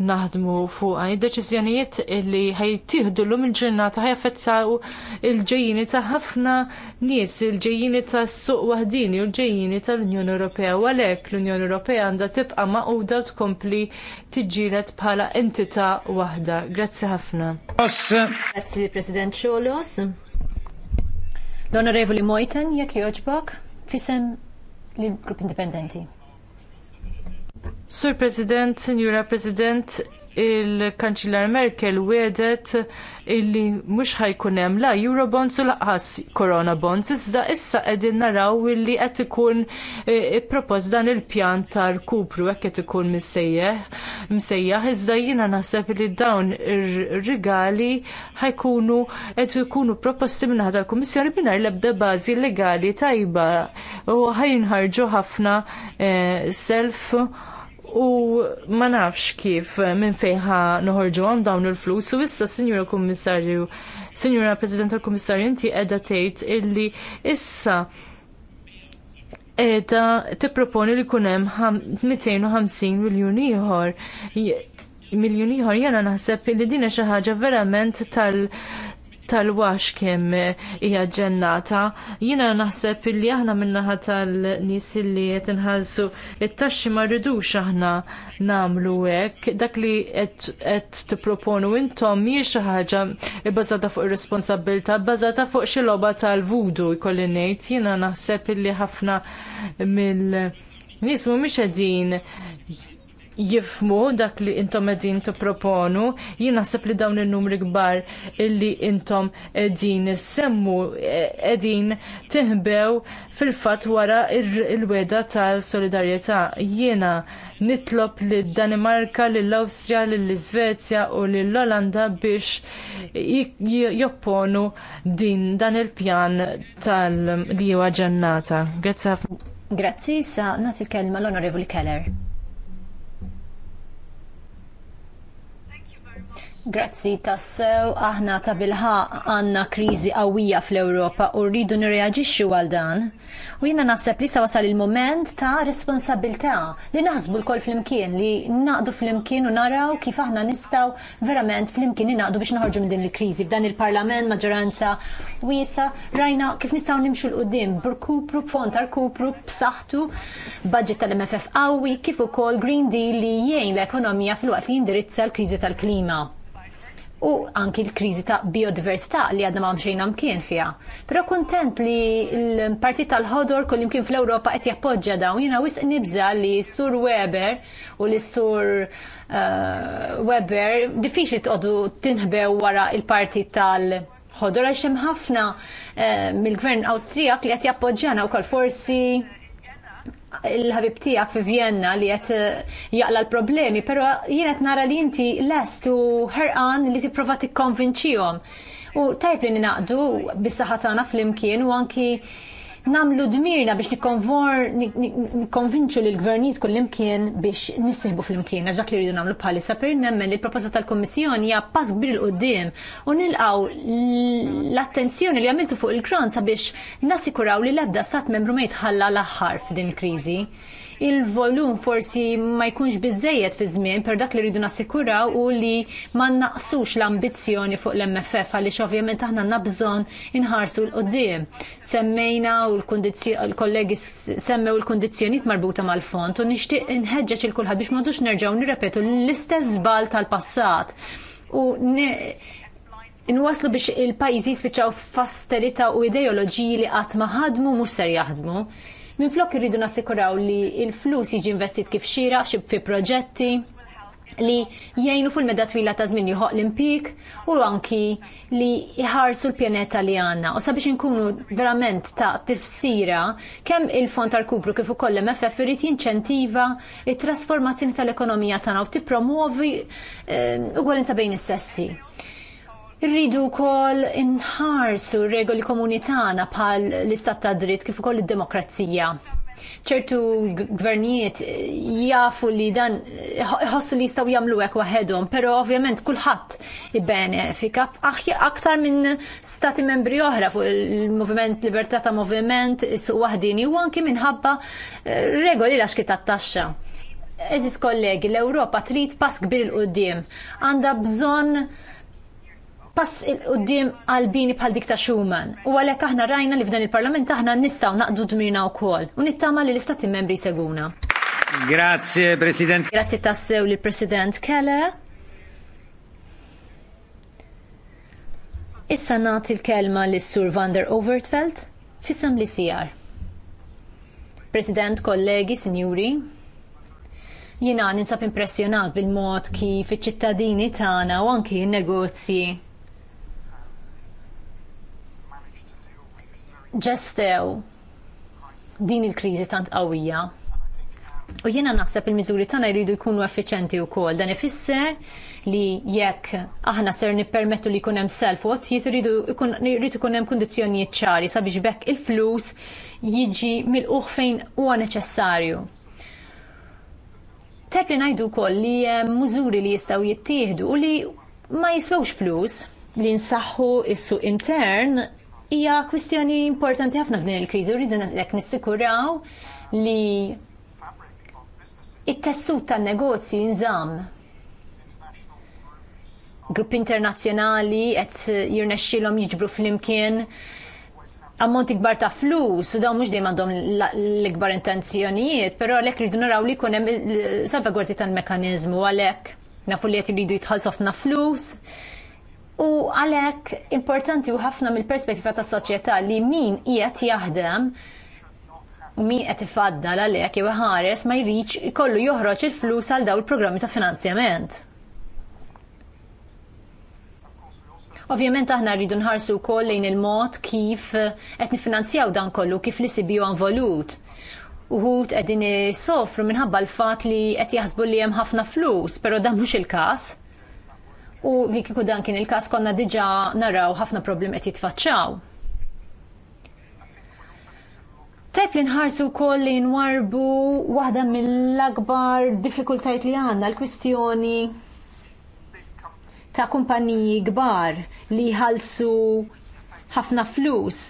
Speaker 1: naħdmu fuqha. Id-deċiżjonijiet illi ħajtieħdu llum il-ġurnata affettaw il-ġejjini ta' ħafna nies, il-ġejjini tas suq waħdini u l-ġejjini tal-Unjoni Ewropea. U għalhekk l-Unjoni Ewropea għandha tibqa' maquda tkompli tiġġieled bħala entità waħda. Grazzi ħafna.
Speaker 3: Grazzi
Speaker 1: President Xolos.
Speaker 3: L-Onorevoli Mojten, jekk jogħġbok, fisem l grupp Indipendenti.
Speaker 1: Sur President, Signora President, il-Kanċillar Merkel wedet illi mhux ħajkun hemm la Eurobonds u laqas Corona Bonds, iżda issa qegħdin naraw illi qed ikun e, propost dan il-pjan ta' rkupru hekk qed ikun msejjaħ, iżda jiena naħseb li dawn ir-rigali ħajkunu qed ikunu proposti minnaħa tal-Kummissjoni mingħajr lebda bażi legali tajba u ħajnħarġu ħafna e, self u ma nafx kif minn fejħa noħorġu għam dawn il-flus u issa signora Kummissarju, Sinjura President tal-Kummissarju inti qiegħda tgħid illi issa qiegħda tipproponi li jkun hemm 250 miljun ieħor miljun ieħor jena naħseb li din xi ħaġa verament tal- tal-wax kemm eh, hija ġennata. Jiena naħseb illi aħna min-naħa tal-nies li qed inħallsu it-taxxi ma rridux aħna nagħmlu hekk. Dak li qed tipproponu intom mhijiex xi ħaġa bbażata fuq ir-responsabilità, bbażata fuq xi logħba tal-vudu jkolli ngħid. Jiena naħseb illi ħafna mill-nies mhumiex qegħdin jifmu dak li intom edin tipproponu, jina naħseb li dawn in-numri kbar illi intom edin semmu edin tiħbew fil-fatt wara il-weda tal-solidarjetà. Jiena nitlob li Danimarka, lill awstrija lill iżvezja u lill olanda biex jopponu din dan il-pjan tal-li huwa ġennata. Grazzi. Grazzi, sa nagħti l-kelma l-Onorevoli Keller.
Speaker 3: Grazzi tassew, aħna ta' bilħa għandna kriżi qawwija fl ewropa u rridu nirreaġixxu għal dan. U jina naħseb li sa wasal il mument ta' responsabilità li naħsbu lkoll flimkien, li naqdu flimkien u naraw kif aħna nistgħu verament flimkien naqdu biex naħorġu minn din il kriżi F'dan il-parlament maġġoranza wiesa rajna kif nistgħu nimxu l qoddim b'rkupru, b'fond kupru b'saħħtu, budget tal-MFF qawwi, kif ukoll Green Deal li jgħin l-ekonomija fil-waqt li jindirizza l-kriżi tal-klima u anki l-kriżi ta' biodiversità li għadna ma' mxejn mkien fiha. Però kuntent li l-partit tal-ħodor kull imkien fl-Ewropa qed jappoġġa dawn jiena wisq nibża li sur Weber u li sur eh, Weber diffiċli t tinħbew wara il-partit tal- ħodor għax hemm ħafna eh, mill-gvern Awstrijak li qed jappoġġjana wkoll forsi il-ħabib tijak fi Vienna li jett eh, jaqla l-problemi, pero jienet nara li inti lest u herqan li tiprofa konvinċijom. U tajb li ninaqdu bis-saħatana fl-imkien u anki namlu dmirna biex nikonvinċu li l-gvernijiet kullimkien biex nisibu fl-imkien, ġak li rridu namlu bħali sapir nemmen li l-proposta tal komissjoni hija pass kbir l qoddim u nilqaw l-attenzjoni li għamiltu fuq il-kron sabiex nasikuraw li l-ebda sat membru ma jitħalla l-aħħar f'din il-kriżi il-volum forsi ma jkunx biżejjed fi żmien per dak li rridu nassikuraw u li ma naqsux l-ambizzjoni fuq l-MFF għaliex ovvjament aħna nabżon bżonn inħarsu l-qoddim. Semmejna u l-kollegi semmew il-kundizzjonijiet marbuta mal-font u nixtieq inħeġġeġ il-kulħadd biex m'għadux nerġgħu nirrepetu l-istess żball tal-passat. U Inwaslu biex il-pajzi spiċaw fasterita u ideoloġiji li qatt ma ħadmu mhux ser jaħdmu. Minflok irridu nasikuraw li il-flus jiġi investit kif xira, fi proġetti, li jgħinu fil medda twila ta' żmien joħoq l-impik u anki li jħarsu l-pjaneta li għanna. U sabiex inkunu verament ta' tifsira kemm il-fond tal-kubru kif ukoll MFF irid jinċentiva it-trasformazzjoni tal-ekonomija tagħna u tippromovi eh, ugwalinza bejn is-sessi. Rridu wkoll inħarsu regoli komunitana pal bħal l-istat ta' dritt kif ukoll id-demokrazija. ċertu gvernijiet jafu li dan jħossu li jistgħu jagħmlu hekk waħedhom, però ovvjament kulħadd ibbenefika aktar minn stati membri oħra fuq il-moviment libertà ta' moviment, suq waħdini u anki minħabba eh, regoli għax kif taxxa Eżis kollegi, l-Ewropa trid pass kbir il-qudiem. Għandha bżonn pass il-qoddim għalbini bħal dik ta' U għalhekk aħna rajna li f'dan il-Parlament aħna nistgħu naqdu dmirna wkoll u nittama li l-istati membri seguna. Grazie, President. Grazie tassew li President Kelle. Issa nagħti l-kelma lis sur Van der Overtveld fissam li sijar. President, kollegi, sinjuri, jina ninsab impressjonat bil-mod kif iċ-ċittadini tagħna u anki n-negozji ġestew din il-kriżi tant qawwija. U jiena naħseb il-miżuri tagħna jridu jkunu effiċenti wkoll. Dan ifisser li jekk aħna ser nippermettu li jkun hemm self-what, jrid ikun hemm kundizzjonijiet ċari sabiex bekk il-flus jiġi mill fejn huwa neċessarju. Tek li ngħidu wkoll li hemm mużuri li jistgħu jittieħdu u li ma jiswewx flus li nsaħħu is-suq intern hija kwistjoni importanti ħafna f'din il-kriżi u rridu naslek nissikuraw li it-tessut tan-negozji nżamm grupp internazzjonali qed jirnexxilhom jiġbru flimkien ammonti kbar ta' flus u dawn mhux dejjem għandhom l-ikbar intenzjonijiet, però għalhekk rridu naraw li jkun hemm salvagwardji tal-mekkaniżmu għalhekk nafu li qed iridu jitħallsu ħafna flus U għalhekk importanti u ħafna mill-perspettiva tas soċjetà li min qiegħed jaħdem u min qed ifaddal għalhekk jew ħares ma jridx ikollu joħroġ il-flus għal dawn il-programmi ta' finanzjament. Ovvjament aħna rridu nħarsu wkoll lejn il-mod kif qed nifinanzjaw dan kollu kif li sibiju volut. Uħud qegħdin isofru minħabba l-fatt li qed jaħsbu li hemm ħafna flus, però dan mhux il-każ u li kiku dan kien il-każ konna diġa' naraw ħafna problem qed jitfaċċaw. Tajb li nħarsu koll li nwarbu waħda mill-akbar diffikultajt li għanna l-kwistjoni ta' kumpaniji kbar li ħalsu ħafna flus.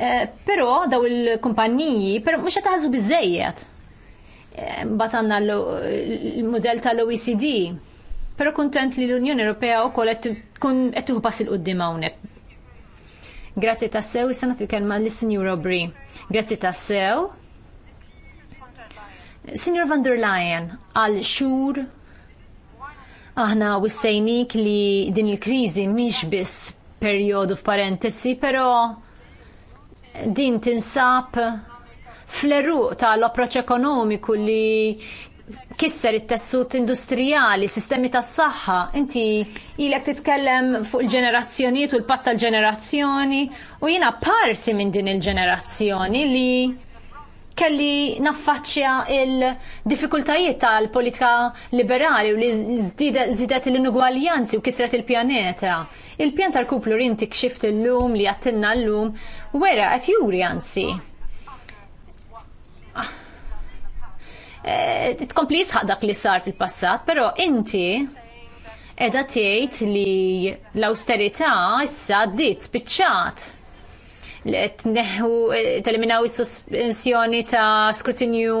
Speaker 3: Eh, pero daw il-kumpaniji, pero mux ħalsu bizzejiet. Eh, Bat għanna l-modell tal-OECD Pero kuntent li l-Unjoni Ewropea wkoll qed tkun qed tieħu pass il-qudiem hawnhekk. Grazzi tassew, issa nagħti kelma lis sinjura Bri. Grazzi tassew. Signor van der Leyen, għal xhur aħna wissejnik li din il-kriżi mhix biss perjodu f'parentesi, però din tinsab fl-eruq tal-approċ ekonomiku li kisser it-tessut industrijali, sistemi tas saħħa inti ilek titkellem fuq il-ġenerazzjonijiet u l pat tal ġenerazzjoni u jina parti minn din il-ġenerazzjoni li kelli naffaċċja il-diffikultajiet tal-politika liberali u li zidet l-inugwaljanzi u kisret il-pjaneta. Il-pjan tal-kuplu rinti kxift il-lum li għattinna l-lum wera għat juri għansi. Eh, tkompli jisħaq dak li sar fil-passat, pero inti edha tgħid li l-austerità issa ddiet spiċċat tneħu eh, teliminaw is-sospensjoni ta' skrutinju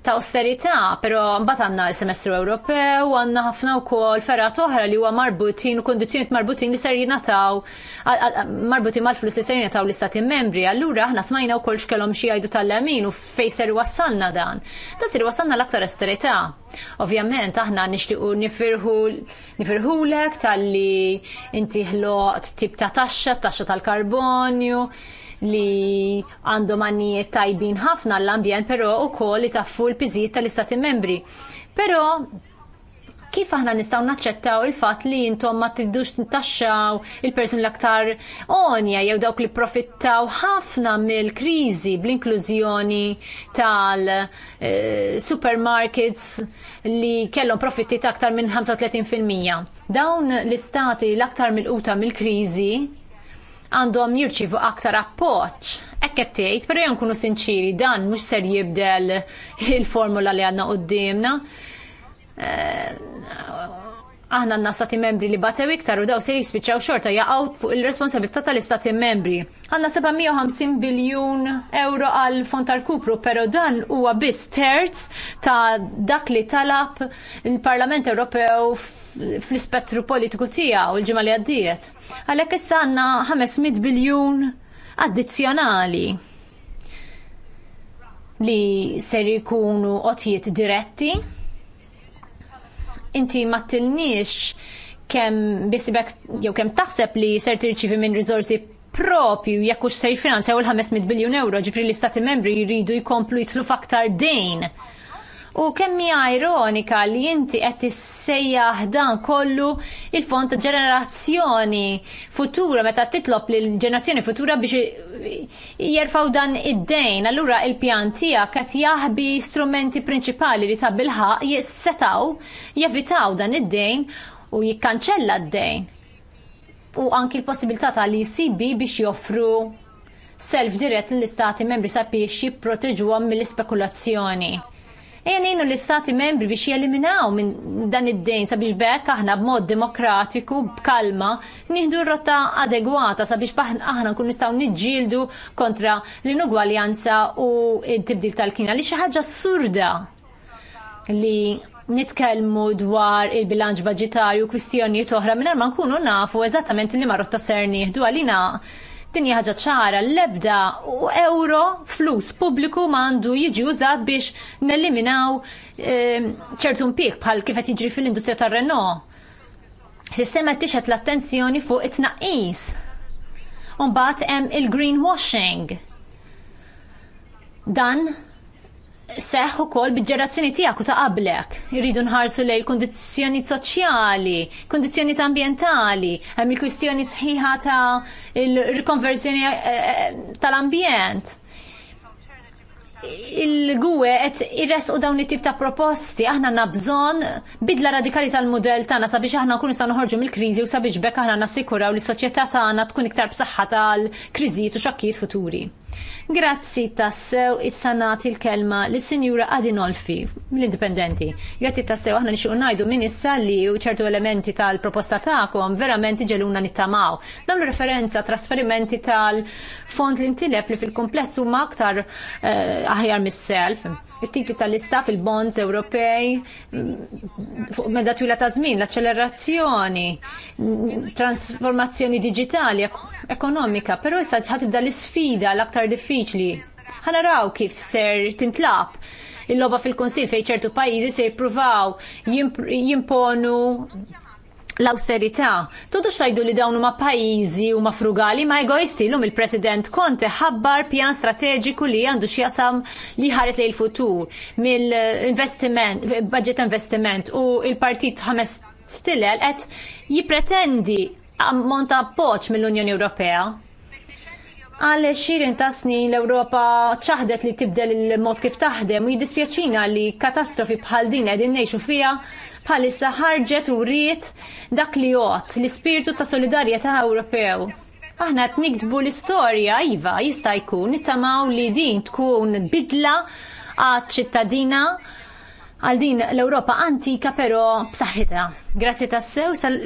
Speaker 3: ta' austerità, però mbagħad għandna l-semestru Ewropew, għandna ħafna wkoll ferat oħra li huwa marbutin u kundizzjonijiet marbutin li ser jingħataw marbutin mal-flus li ser jingħataw l-istati membri. Allura aħna smajna wkoll x'kellhom xi jgħidu tal-lemin u fejn ser wassalna dan. Ta' ser wassalna l-aktar austerità. Ovvjament aħna nixtiequ nifirħu nifirħulek tal-li inti ħloqt tip ta' taxxa, taxxa tal-karbonju, li għandhom għannijiet tajbin ħafna l-ambjent, però wkoll li taffu l-piżijiet tal-istati membri. Però kif aħna nistgħu naċċettaw il-fatt li intom ma tiddux ntaxxaw il-person l-aktar onja jew dawk li profittaw ħafna mill-kriżi bl-inklużjoni tal-supermarkets eh, li kellhom profitti ta' aktar minn 35%. Dawn l-istati l-aktar mill-quta mill-kriżi għandhom jirċivu aktar appoġġ. Hekk qed tgħid, però jew nkunu sinċiri dan mhux ser jibdel il-formula li għandna qudiemna. Eh, aħna għanna stati membri li batew iktar u daw se jispiċċaw xorta jaqgħu fuq il-responsabilità tal-istati membri. Għanna 750 biljun euro għal Fontar Kupru, pero dan huwa biss terz ta' dak li talab il-Parlament Ewropew fl-ispettru politiku tiegħu l ġimgħa li għaddiet. Għalhekk issa għandna 500 biljun addizzjonali li ser jkunu otjiet diretti inti ma tilniex kemm bisibek jew kemm taħseb li ser tirċivi minn rizorsi propju jekk hux ser jfinanzjaw il-500 biljun euro ġifri l-istati membri jridu jkomplu jitlu faktar dejn U kemm hija ironika li inti qed tissejjaħ dan kollu il-fond ta' ġenerazzjoni futura meta titlob lil ġenerazzjoni futura biex jerfaw dan id-dejn. Allura il-pjan tiegħek qed jaħbi strumenti prinċipali li ta' bilħaq jissetaw jevitaw dan id-dejn u jikkanċella d-dejn. U anki l-possibilità tal jisibi biex joffru self dirett l-istati membri sabiex jipproteġuhom mill-ispekulazzjoni. Ejja nejnu l-istati membri biex jeliminaw minn dan id-dejn sabiex bekk aħna b'mod demokratiku, b'kalma, nieħdu rotta adegwata sabiex aħna nkun nistgħu niġġieldu kontra l-inugwaljanza u t-tibdil tal-kina li xi ħaġa assurda li nitkellmu dwar il-bilanċ budġetarju kwistjonijiet oħra minn ma nkunu nafu eżattament li marrotta ser nieħdu għalina Dinja ħaġa ċara l-ebda u euro flus pubbliku mandu jiġi użat biex neliminaw ehm, ċertu mpik bħal kif qed jiġri fil-industrija tar-Renault. Sistema tixet l-attenzjoni fuq it-tnaqqis. Un hemm il-greenwashing. Dan seħ ukoll bil-ġerazzjoni tiegħek u ta' qablek. Irridu nħarsu lejn kundizzjoni soċjali, kundizzjoni ambjentali, hemm il-kwistjoni sħiħa ta' il-rikonverzjoni eh, eh, tal-ambjent il-gwe qed irresqu dawn it-tip ta' proposti, aħna għandna bżonn bidla radikali tal-mudell tagħna sabiex aħna nkunu sa noħorġu mill-kriżi u sabiex bekk aħna nassikuraw li s-soċjetà tagħna tkun iktar b'saħħa tal-kriżijiet u xokkijiet futuri. Grazzi tassew is-sanat il-kelma l sinjura Adinolfi l indipendenti Grazzi tassew aħna nixuq ngħidu minn issa li ċertu elementi tal-proposta tagħkom verament ġeluna nittamaw. Dan referenza trasferimenti tal-fond l-intilef li fil komplessu huma aktar eh, aħjar mis-self it-titi tal lista fil bonds Ewropej fuq medda twila ta' żmien, l-accelerazzjoni, transformazzjoni digitali, ekonomika, però issa ħatibda l-isfida l-aktar diffiċli. Ħanaraw kif ser tintlab il-loba fil-konsil fejn ċertu pajjiżi se jippruvaw jimponu l-austerità. Tudu xajdu li dawnu ma pajizi u ma frugali ma egoisti l um il-President Conte ħabbar pjan strategiku li għandu xjasam li ħares li l-futur mill-investiment, budget investiment u il-partit ħames stilel għet jipretendi ammonta poċ mill-Unjoni Ewropea. Għalle xirin ta' snin l-Ewropa ċaħdet li tibdel il-mod kif taħdem u jiddispjaċina li katastrofi bħal din qegħdin ngħixu fiha bħalissa ħarġet u rrit dak li jgħot l-ispirtu ta' solidarjetà Ewropew. Aħna qed nikdbu l-istorja iva jista' jkun nittamaw li din tkun bidla għad ċittadina għal din l-Ewropa antika però b'saħħitha. Grazzi tassew sal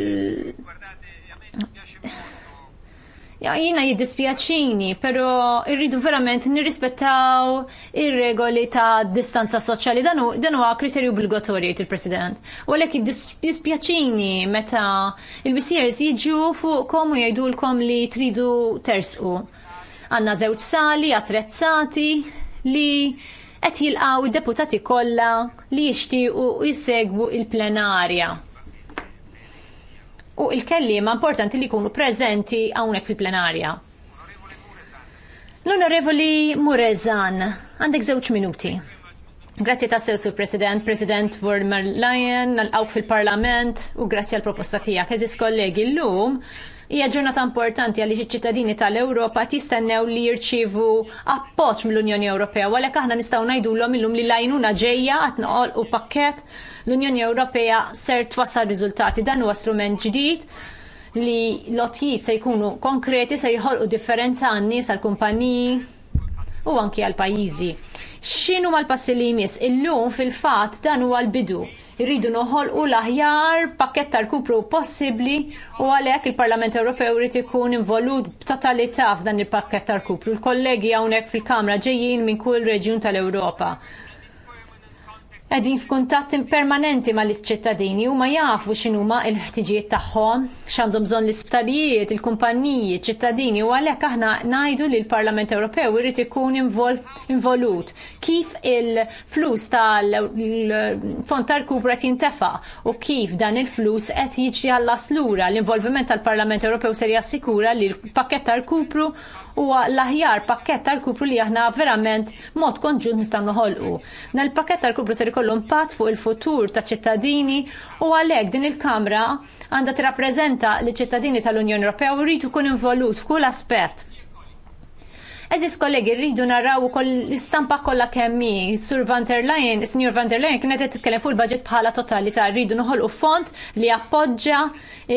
Speaker 3: jina jiddispjaċini, pero irridu verament nirrispettaw ir-regoli ta' distanza soċjali dan huwa kriterju obbligatorju il-President. U għalhekk jiddispjaċini meta il-bisiers jiġu fuqkom u jgħidulkom li tridu tersqu. Għanna żewġ sali attrezzati li qed jilqgħu id-deputati kollha li jixtiequ jsegwu il-plenarja u il-kellima importanti li jkunu prezenti hawnhekk fil-plenarja. L-Onorevoli Murezan, għandek żewġ minuti. Grazzi ta' sew President, President Vormer Lyon, għal-awk fil-Parlament u grazzi għal-proposta tijak. Eżis kollegi l-lum, Hija ġurnata importanti għaliex iċ-ċittadini tal-Ewropa tistennew li jirċievu appoġġ mill-Unjoni Ewropea, għalhekk aħna nistgħu ngħidulhom illum li lajnuna ġejja qed noqolqu pakkett l-Unjoni Ewropea ser twassal riżultati dan huwa strument ġdid li lotjiet se jkunu konkreti se jħolqu differenza għan-nies għall-kumpaniji u anki għall-pajjiżi x'inhu l-passi li jmiss. Illum fil-fatt dan huwa l-bidu. Irridu noħolqu l-aħjar pakket tal-kupru possibbli u għalhekk il-Parlament Ewropew irid ikun involut b'totalità f'dan il-pakket tal kupru Il-kollegi hawnhekk fil-Kamra ġejjin minn kull reġjun tal-Ewropa qegħdin f'kuntatt permanenti mal-ċittadini u ma jafu x'inhuma l-ħtiġijiet tagħhom, x'għandhom bżonn l-isptarijiet, il kumpanijiet ċittadini u għalhekk aħna ngħidu li l-Parlament Ewropew irid ikun involut kif il-flus tal-fond tal-kubra jintefa' u kif dan il-flus qed jiġi għall-aslura l-involviment tal-Parlament Ewropew ser jassikura li l-pakket tal kubru huwa l-aħjar pakket tal-kupru li aħna verament mod konġunt nistan noħolqu. Dan il-pakket tal-kupru ser ikollu impatt fuq il-futur ta' ċittadini u għalhekk din il-Kamra għandha tirrappreżenta li ċittadini tal-Unjoni Ewropea u rrid kun involut f'kull aspett. Eżis kollegi, rridu narraw ukoll l-istampa kollha kemmi, Sur Van der Leyen, Sr. Van der Leyen, kienet titkellem fuq il-budget bħala ta' rridu noħolqu font li appoġġja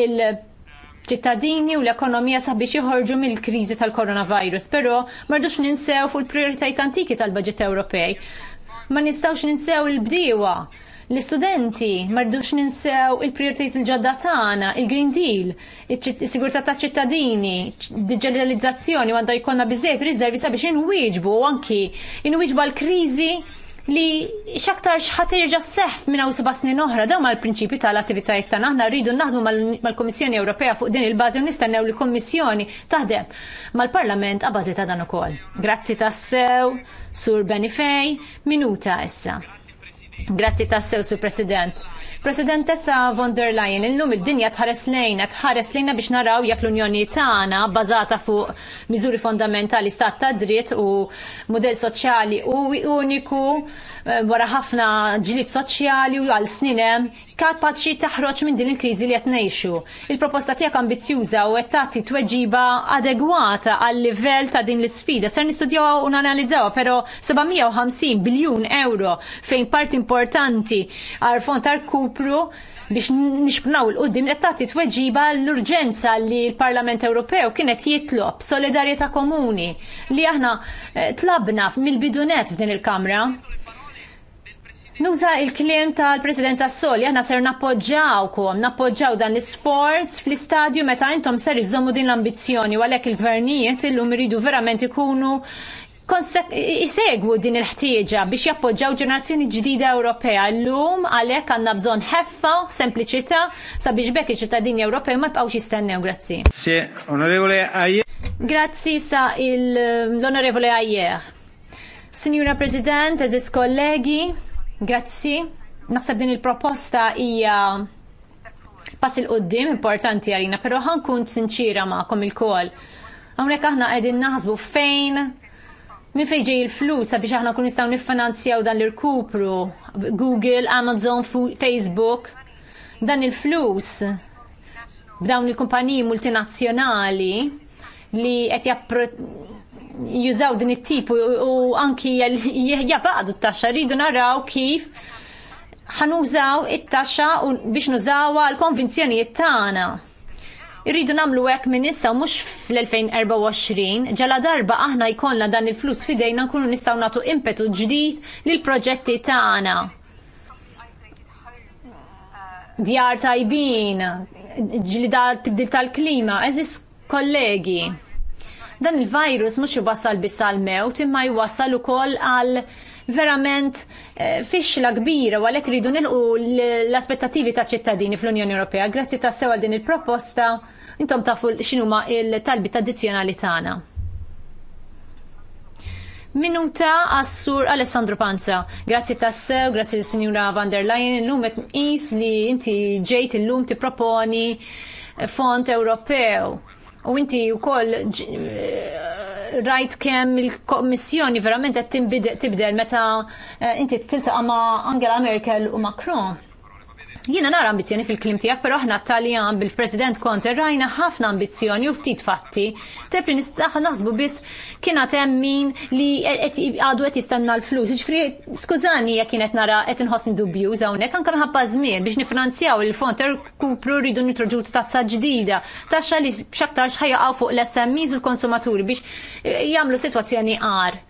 Speaker 3: il- ċittadini u l-ekonomija sabiex joħorġu mill-kriżi tal-coronavirus, però m'rdux ninsew fuq il-prijoritajiet antiki tal-Baġit Ewropej. Ma nistgħux ninsew il-bdiewa l-istudenti mardux ninsew il-prioritajt il-ġadda tagħna, il-Green Deal, is-sigurtà taċ ċittadini, digitalizzazzjoni għandha jkollna biżejjed riservi sabiex inwieġbu anki inwieġbu għall kriżi li xaktar xħat irġa seħf minn hawn seba' snin oħra dawn mal prinċipju tal-attivitajiet ta' aħna rridu naħdmu mal-Kummissjoni Ewropea fuq din il-bażi u nistennew li kummissjoni taħdem mal-Parlament a ta' dan ukoll. Grazzi tassew, Sur Benifej, minuta issa. Grazzi tassew, Sur President. Presidentessa von der Leyen, illum il-dinja tħares lejna, tħares lejna biex naraw jekk l-Unjoni tagħna bażata fuq miżuri fondamentali stat ta' dritt u model soċjali u uniku eh, wara ħafna ġlid soċjali u għal sninem kapaċi taħroġ minn din il-kriżi li qed ngħixu. Il-proposta tiegħek ambizzjuża u qed tagħti tweġiba adegwata għal livell ta' din l-isfida. Ser nistudjaw u nanalizzaw, però 750 biljun euro fejn parti importanti għal fond tal-kum l biex nixbnaw l-qoddim qed tagħti tweġiba l-urġenza li l-Parlament Ewropew kienet jitlob solidarjetà komuni li aħna eh, tlabna mill-bidunet f'din il-Kamra. Nuża il-kliem tal-Presidenza Soli, aħna ser nappoġġawkom, nappoġġaw dan l-sports fl-istadju meta intom ser iżommu din l-ambizzjoni u għalhekk il-gvernijiet illum iridu verament ikunu jisegwu din il-ħtieġa biex jappoġġaw ġenerazzjoni ġdida Ewropea llum għalhekk għandna bżonn ħeffa, sempliċità sabiex bekk iċ-ċittadini Ewropej ma jibqgħux jistennew grazzi. Grazzi sa l-Onorevole Ajje. Signora President, eżis kollegi, grazzi. Naħseb din il-proposta hija pass il-qoddim importanti għalina, pero ħankun sinċira kom il-kol. Għamrek aħna għedin naħsbu fejn Min fejn ġej il-flus sabiex aħna kun nistgħu niffinanzjaw dan l-irkupru Google, Amazon, Facebook. Dan il-flus b'dawn il-kumpaniji multinazzjonali li qed jużaw din it-tipu u anki javaqdu t-taxxa rridu naraw kif ħanużaw it-taxxa biex nużawha l-konvinzjonijiet tagħna. Irridu nagħmlu hekk minn issa u mhux fl-2024 ġala darba aħna jkollna dan il-flus fidejna nkunu nistgħu nagħtu impetu ġdid lill proġetti tagħna djar tajbin, ġlida tibdil tal-klima, eżis kollegi dan il-virus mhux iwassal biss għal mewt imma jwassal ukoll għal verament eh, fixla kbira għalhekk ridu nilqu l-aspettattivi ta' ċittadini fl-Unjoni Ewropea. Grazzi ta' sewa din il-proposta intom tafu x'inhuma il-talbi tradizzjonali tagħna. Minuta għassur Alessandro Panza. Grazzi tassew, grazzi l-Sinjura van der Leyen. L-lum is li inti ġejt l lum ti proponi font Ewropew U inti wkoll eh, rajt kemm il-kommissjoni verament qed tibdel meta eh, inti tiltaqa' ma' Angela Merkel u Macron. Jiena nara ambizzjoni fil-klim tiegħek, però aħna Taljan bil-President Conte rajna ħafna ambizzjoni u ftit fatti. Tepri nistaħ naħsbu biss kien temmin min li għadu qed jistenna l-flus. Ġifri, skużani jekk kienet nara qed inħossni dubju hawnhekk anke ħabba żmien biex nifinanzjaw il-fond kupru rridu nitroġutu tazza ġdida, taxxa li x'aktar x'ħajjaqgħu fuq l-SMEs u l-konsumaturi biex eh, jagħmlu sitwazzjoni għar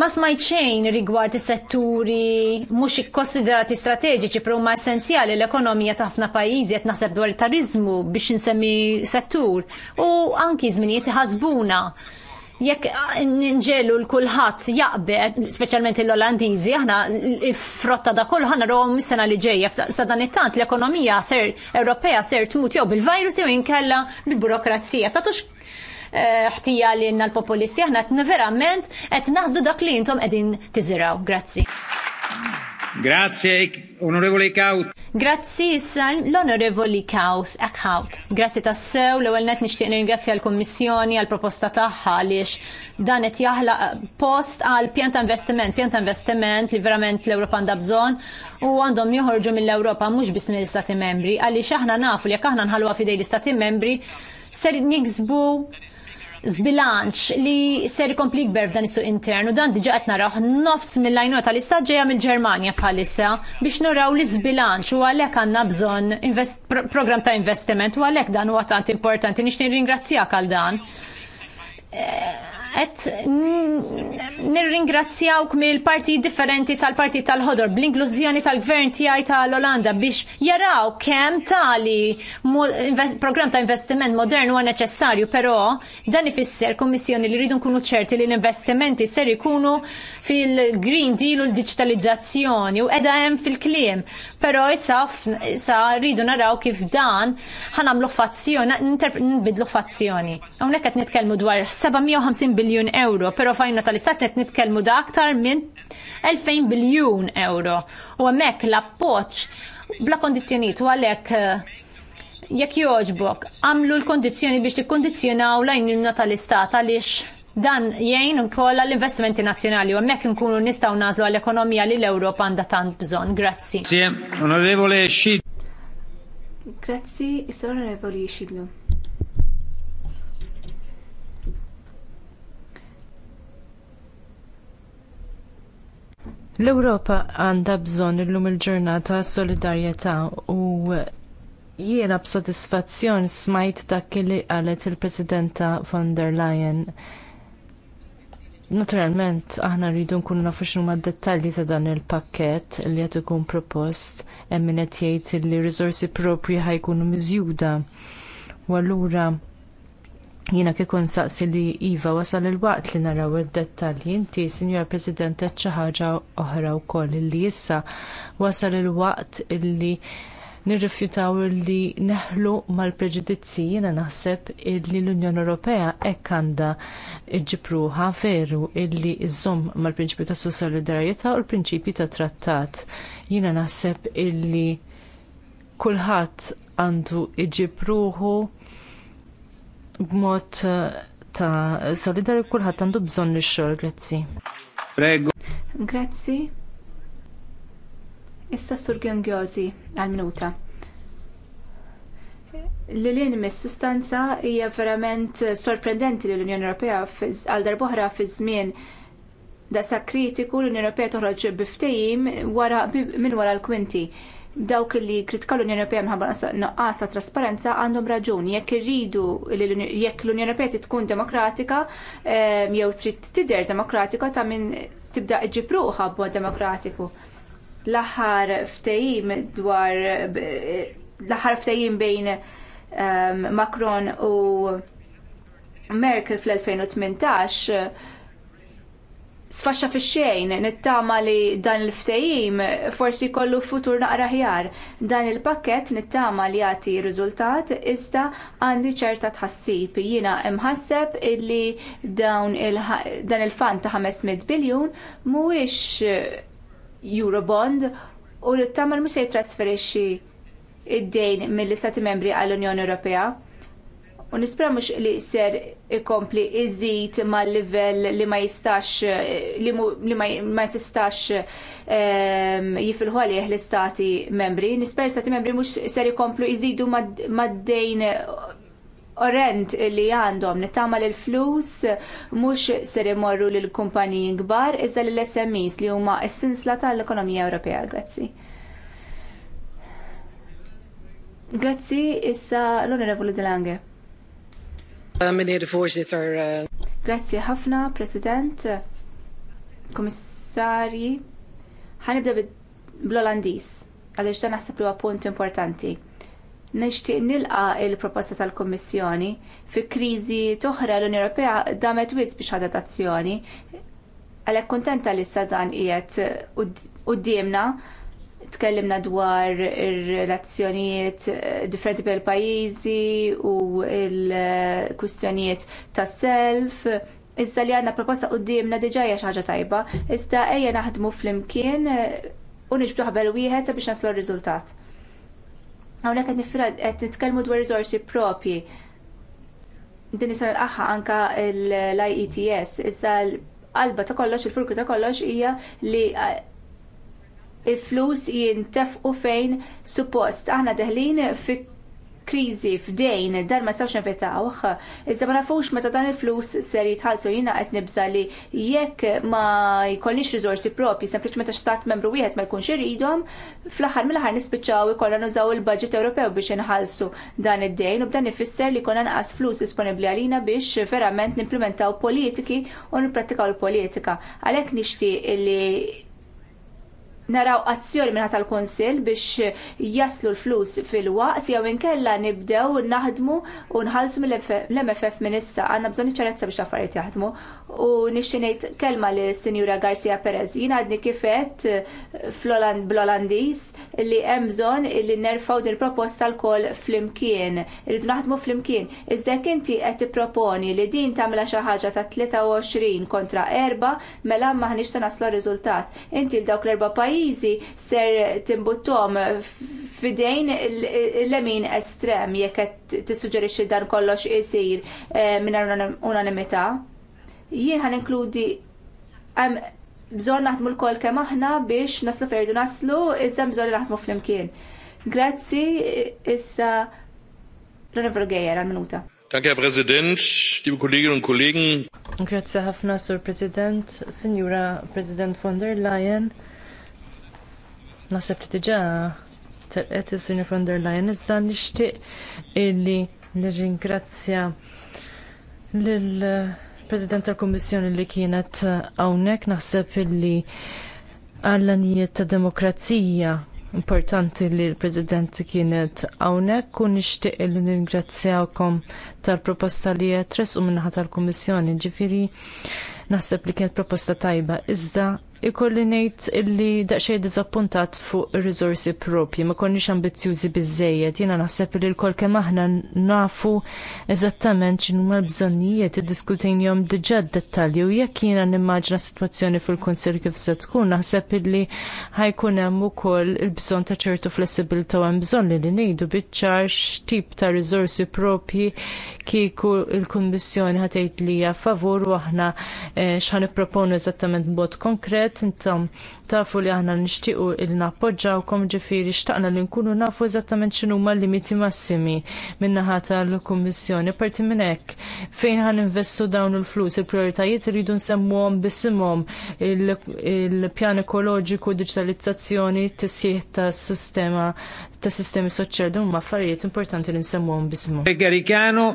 Speaker 3: ma smajt xejn rigward is-setturi mhux ikkonsiderati strateġiċi pro huma essenzjali l-ekonomija ta' ħafna pajjiżi qed naħseb dwar it-tariżmu biex insemmi settur u anki żminijiet ħasbuna jekk nġelu l-kulħadd jaqbed, speċjalment l-Olandiżi, aħna frotta da kollu ħana is sena li ġejja sa dan it-tant l-ekonomija ser Ewropea ser tmut jew bil-virus jew inkella bil-burokrazija. Tatux ħtija li jenna l-populisti, aħna verament qed naħżu dak li jintom qegħdin tiżiraw. Grazzi. Grazie, onorevoli Kaut. Grazzi, issa l-onorevoli Kaut, Akhaut. Grazzi tas-sew l ewwel net nixtieq ringrazzja l-Kommissjoni għal-proposta tagħha għaliex dan qed jaħlaq post għal pjanta investiment, pjanta investiment li verament l-Ewropa għandha bżonn u għandhom joħorġu mill-Ewropa mhux biss mill-Istati Membri, għaliex aħna nafu li jekk aħna nħalluha fidej l-Istati Membri ser niksbu zbilanċ li ser ikompli gber f'dan is-suq intern u dan diġa qed naraw nofs mill-lajnuna tal-istat mill-Ġermanja bħalissa biex nuraw li zbilanċ u għalhekk għandna bżonn programm ta' investiment u għalhekk dan huwa tant importanti nixtieq ringrazzjak għal dan eh, qed mm, nirringrazzjawk mill-parti differenti tal-parti tal-ħodor bl-inklużjoni tal-gvern tiegħi tal-Olanda biex jaraw kemm tali programm ta' investiment modern huwa neċessarju, però dan ifisser kummissjoni li rridu nkunu ċerti li l-investimenti ser ikunu fil-Green Deal u l-digitalizzazzjoni u qiegħda hemm fil-kliem Però issa issa rridu naraw kif dan nagħmlu fazzjoni, nbidlu fazzjoni. Hawnhekk qed nitkellmu dwar 750 biljun euro, però fajna tal-istat qed nitkellmu da aktar minn 2000 biljun euro. U hemmhekk l-appoġġ bla kondizzjonijiet u għalhekk eh, jekk jogħġbok, għamlu l kondizzjoni biex tikkundizzjonaw lajn l-natalista tal-ix Dan jgħin ukoll għall-investimenti nazzjonali u hemmhekk inkunu nistgħu nażlu għall-ekonomija li l-Ewropa għandha tant bżonn. Grazzi. onorevole Xid. Grazzi,
Speaker 2: is onorevoli Xidlu.
Speaker 1: L-Ewropa għandha bżonn illum il-ġurnata solidarjetà u jiena b'sodisfazzjon smajt dak li qalet il-Presidenta von der Leyen Naturalment, aħna rridu nkunu nafu x'nu ma' dettalji ta' dan il-pakket li qed ikun propost hemm min qed jgħid li riżorsi propri ħajkunu miżjuda. U allura jiena kif saqsi li iva wasal il-waqt li naraw id-dettalji inti, Sinjor President, qed xi ħaġa oħra wkoll li issa wasal il-waqt illi nirrifjutaw li neħlu mal-preġudizzi jiena naħseb li l-Unjoni Ewropea hekk għandha ġipruħa veru illi iżomm mal-prinċipju ta' solidarjetà u l-prinċipju ta' trattat. Jiena naħseb illi kulħadd għandu iġib ruħu b'mod eh, ta' solidarju kulħadd għandu bżonn ix-xogħol, grazzi. Prego. Grazzi.
Speaker 2: Issa Sur Gjongjozi għal-minuta. L-lin mis sustanza hija verament sorprendenti li l-Unjoni Ewropea għal darbohra fi żmien da sa kritiku l-Unjoni Ewropea toħroġ biftejim wara minn wara l-kwinti. Dawk li kritika l-Unjoni Ewropea mħabba naqqasa trasparenza għandhom raġun. Jekk irridu jekk l-Unjoni Ewropea tkun demokratika eh, jew trid tidher demokratika ta' min tibda iġibruħa b'mod demokratiku l-aħħar ftehim dwar l-aħħar ftehim bejn um, Macron u Merkel fl-2018 sfaxxa fix xejn nittama li dan il-ftehim forsi jkollu futur naqra ħjar. Dan il-pakket nittama li għati riżultat iżda għandi ċerta tħassib. Jiena imħasseb illi dawn il dan il-fan ta' 500 biljun mhuwiex Eurobond u li t-tamal mux jitrasferixi id-dejn mill-istati membri għall-Unjoni Ewropea. U nispera mux li ser ikompli iżid mal livell li ma jistax li, ma jistax ehm, jifilħu għalih l-istati membri. Nispera l-istati membri mux ser ikomplu iżidu mad-dejn orrend li għandhom nittama l flus mhux ser imorru lil kumpaniji kbar iżda l SMEs li huma s-sinsla tal-ekonomija Ewropea. Grazzi. Grazzi issa l-Onorevoli Delange.
Speaker 1: de uh, uh,
Speaker 2: Grazzi ħafna, President, Komissarji. Ħanibda bl-Olandis, għaliex dan naħseb li huwa punt importanti Nixtieq nilqa il-proposta tal-Kommissjoni fi kriżi toħra l-Unjoni Ewropea damet wisq biex ħadet azzjoni. Għalhekk kuntenta li issa dan qiegħed quddiemna tkellimna dwar ir-relazzjonijiet differenti bejn pajjiżi u l-kwistjonijiet tas-self. Iżda li għandna proposta quddiemna diġà hija xi ħaġa tajba, iżda ejja naħdmu flimkien u nixbdu bel wieħed sabiex naslu r-riżultat Hawnhekk qed nitkelmu dwar rizorsi propji. Din isal l axħa anka l-IETS, iżda l-qalba ta' kollox, il-furku ta' kollox hija li il-flus jintefqu fejn suppost. Aħna deħlin fi kriżi f'dejn dar ma sawx nfetawh, iżda ma nafux meta dan il-flus ser jitħallsu jiena qed nibża li jekk ma jkollniex rizorsi propri, sempliċement ta' xtat membru wieħed ma jkunx iridhom, fl-aħħar mill-aħħar nispiċċaw ikollna nużaw il-budget Ewropew biex inħallsu dan id-dejn u b'dan ifisser li jkollna naqas flus disponibbli għalina biex verament nimplementaw politiki u nippratikaw il-politika. Għalhekk nixtieq li naraw azzjoni minna tal-konsil biex jaslu l-flus fil-waqt jew inkella nibdew naħdmu u nħallsu mill-MFF minn issa għandna bżonn ċerezza biex affarijiet jaħdmu u nixxinejt kelma li Sinjura Garcia Perez jina għadni kifet eh, bl-Olandis li hemm bżonn li nerfaw din proposta l-kol flimkien. Irridu naħdmu flimkien. Iżda inti qed tipproponi li din tamla xi ħaġa ta' 23 kontra 4 mela maħniex ta' naslu riżultat. Inti l dawk l-erba' pajjiżi ser timbuttom f'idejn l-lemin estrem jekk qed tissuġġerixxi dan kollox isir eh, minn unanimità. Jien ħan inkludi bżonn naħdmu lkoll kemm aħna biex naslu ferdu naslu, iżda bżonn naħdmu flimkien. Grazzi, issa
Speaker 1: Ronivro għajer għal-minuta. Danke, Herr Präsident, liebe Kolleginnen und Kollegen. Grazie ħafna, Sur President, Signora President von der Leyen. Nasib li tiġa terqet il-Sinjor von der Leyen, iżda nixtieq illi nirringrazzja lill-President tal-Kummissjoni li kienet hawnhekk naħseb illi għallanijiet ta' demokrazija importanti li l-President kienet hawnhekk u nixtieq illi nirringrazzjawkom tal-proposta li qed u naħa tal-Kummissjoni. Ġifieri naħseb li kienet proposta tajba iżda ikolli ngħid illi daqsxejn diżappuntat fuq ir-riżorsi propji, ma konniex ambizzjużi biżżejjed. Jiena naħseb li l-kol kemm aħna nafu eżattament x'inhuma l-bżonnijiet iddiskutejniehom diġà d-dettalji u jekk jiena nimmaġna sitwazzjoni fil-Kunsill kif se tkun naħseb illi ħajkun hemm ukoll il-bżonn ta' ċertu flessibilità u hemm bżonn li ngħidu biċ x'tip ta' riżorsi propji kieku l-Kummissjoni ħatejt li hija favur u aħna eh, x'ħan eżattament b'mod konkret proġett intom tafu li aħna nixtiequ li nappoġġawkom ġifieri xtaqna li nkunu nafu eżattament x'inhuma l-limiti massimi min-naħa tal-Kummissjoni. Parti minn hekk fejn ħan investu dawn il-flus, il-prioritajiet iridu nsemmuhom bisimhom il-pjan ekoloġiku, digitalizzazzjoni, tisjieħ tas-sistema tas sistemi soċjali dawn huma affarijiet importanti li nsemmuhom bisimhom. Garicano.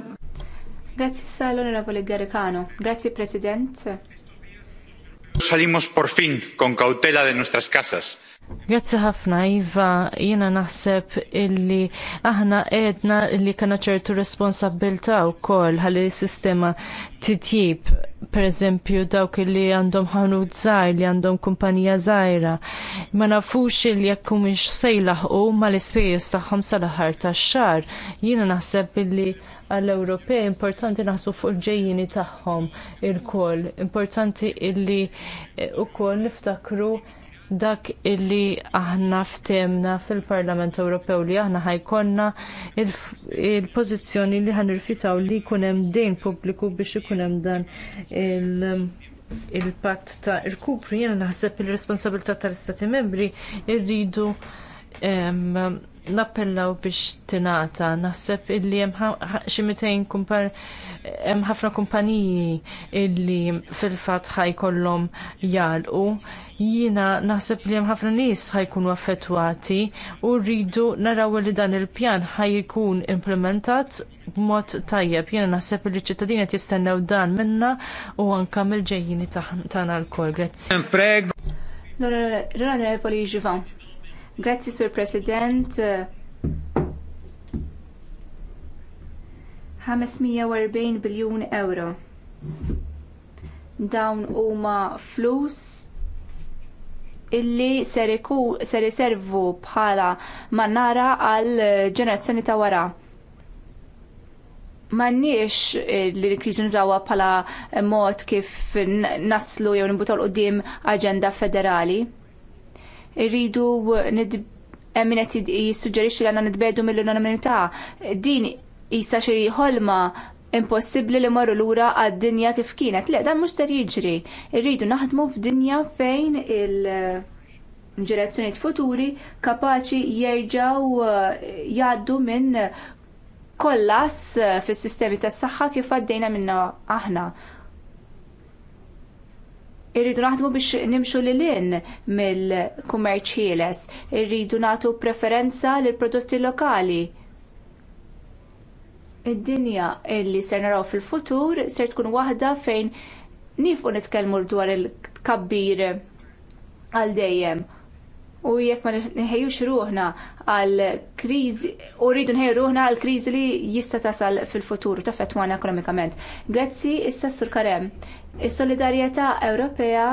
Speaker 2: Grazzi sal Garicano. Grazzi
Speaker 1: President. Salimos por fin con cautela de nuestras casas. Grazzi ħafna, Iva, jiena naħseb illi aħna edna illi kena ċertu responsabilta u kol għalli sistema titjib, per eżempju, dawk illi għandhom ħanu zaħir, li għandhom kumpanija zaħira. Ma nafux illi jekkum ix sejlaħ u ma l-ispejjeż tagħhom sal-aħħar tax-xar. Jiena naħseb illi għall-Ewropej importanti naħsu fuq il-ġejjini tagħhom il-koll. Importanti illi eh, ukoll niftakru dak illi aħna ftemna fil-Parlament Ewropew li aħna ħajkonna il-pożizzjoni li ħanirfitaw li jkun hemm dejn pubbliku biex ikun hemm dan il- il-patt ta' irkupru jiena naħseb il-responsabilità tal-Istati membri rridu nappellaw biex tingħata naħseb illi hemm xi mitejn hemm ħafna kumpaniji illi fil-fatt ħajkollhom jalqu. Jiena naħseb li hemm ħafna nies ħajkunu affettwati u rridu naraw li dan il-pjan ħajkun implementat b'mod tajjeb. Jiena naħseb li ċittadini qed jistennew dan minna u anke mill-ġejjini tagħna lkoll. Grazzi.
Speaker 2: L-onorevoli Ġivan. Grazzi, Sur President. 540 biljun euro. Dawn huma flus illi ser riservu bħala mannara għal ġenerazzjoni ta' wara. Manniex eh, li l krizi nżawa bħala mod kif naslu jew nibutaw l qoddim aġenda federali irridu emminet jissuġġerixxi li għandna nitbedu mill-unanimità. Din isa xi ħolma impossibbli li marru lura għad-dinja kif kienet. Le, dan mhux ser jiġri. Irridu naħdmu f'dinja fejn il- ġerazzjonijiet futuri kapaċi jerġgħu eh, jgħaddu minn kollas eh, fis sistemi tas saħħa kif għaddejna minna aħna. Irridu naħdmu biex nimxu li lin mill-kummerċ ħieles. Irridu nagħtu preferenza lill prodotti lokali. Id-dinja illi ser naraw fil-futur ser tkun waħda fejn nifqu nitkellmu dwar il-kabbir għal dejjem u jekk ma nħejjux ruħna għal kriżi u rridu nħejju ruħna għal kriżi li jista' tasal fil-futur tafetwana ekonomikament. Grazzi issa sur Karem. Is-solidarjetà Ewropea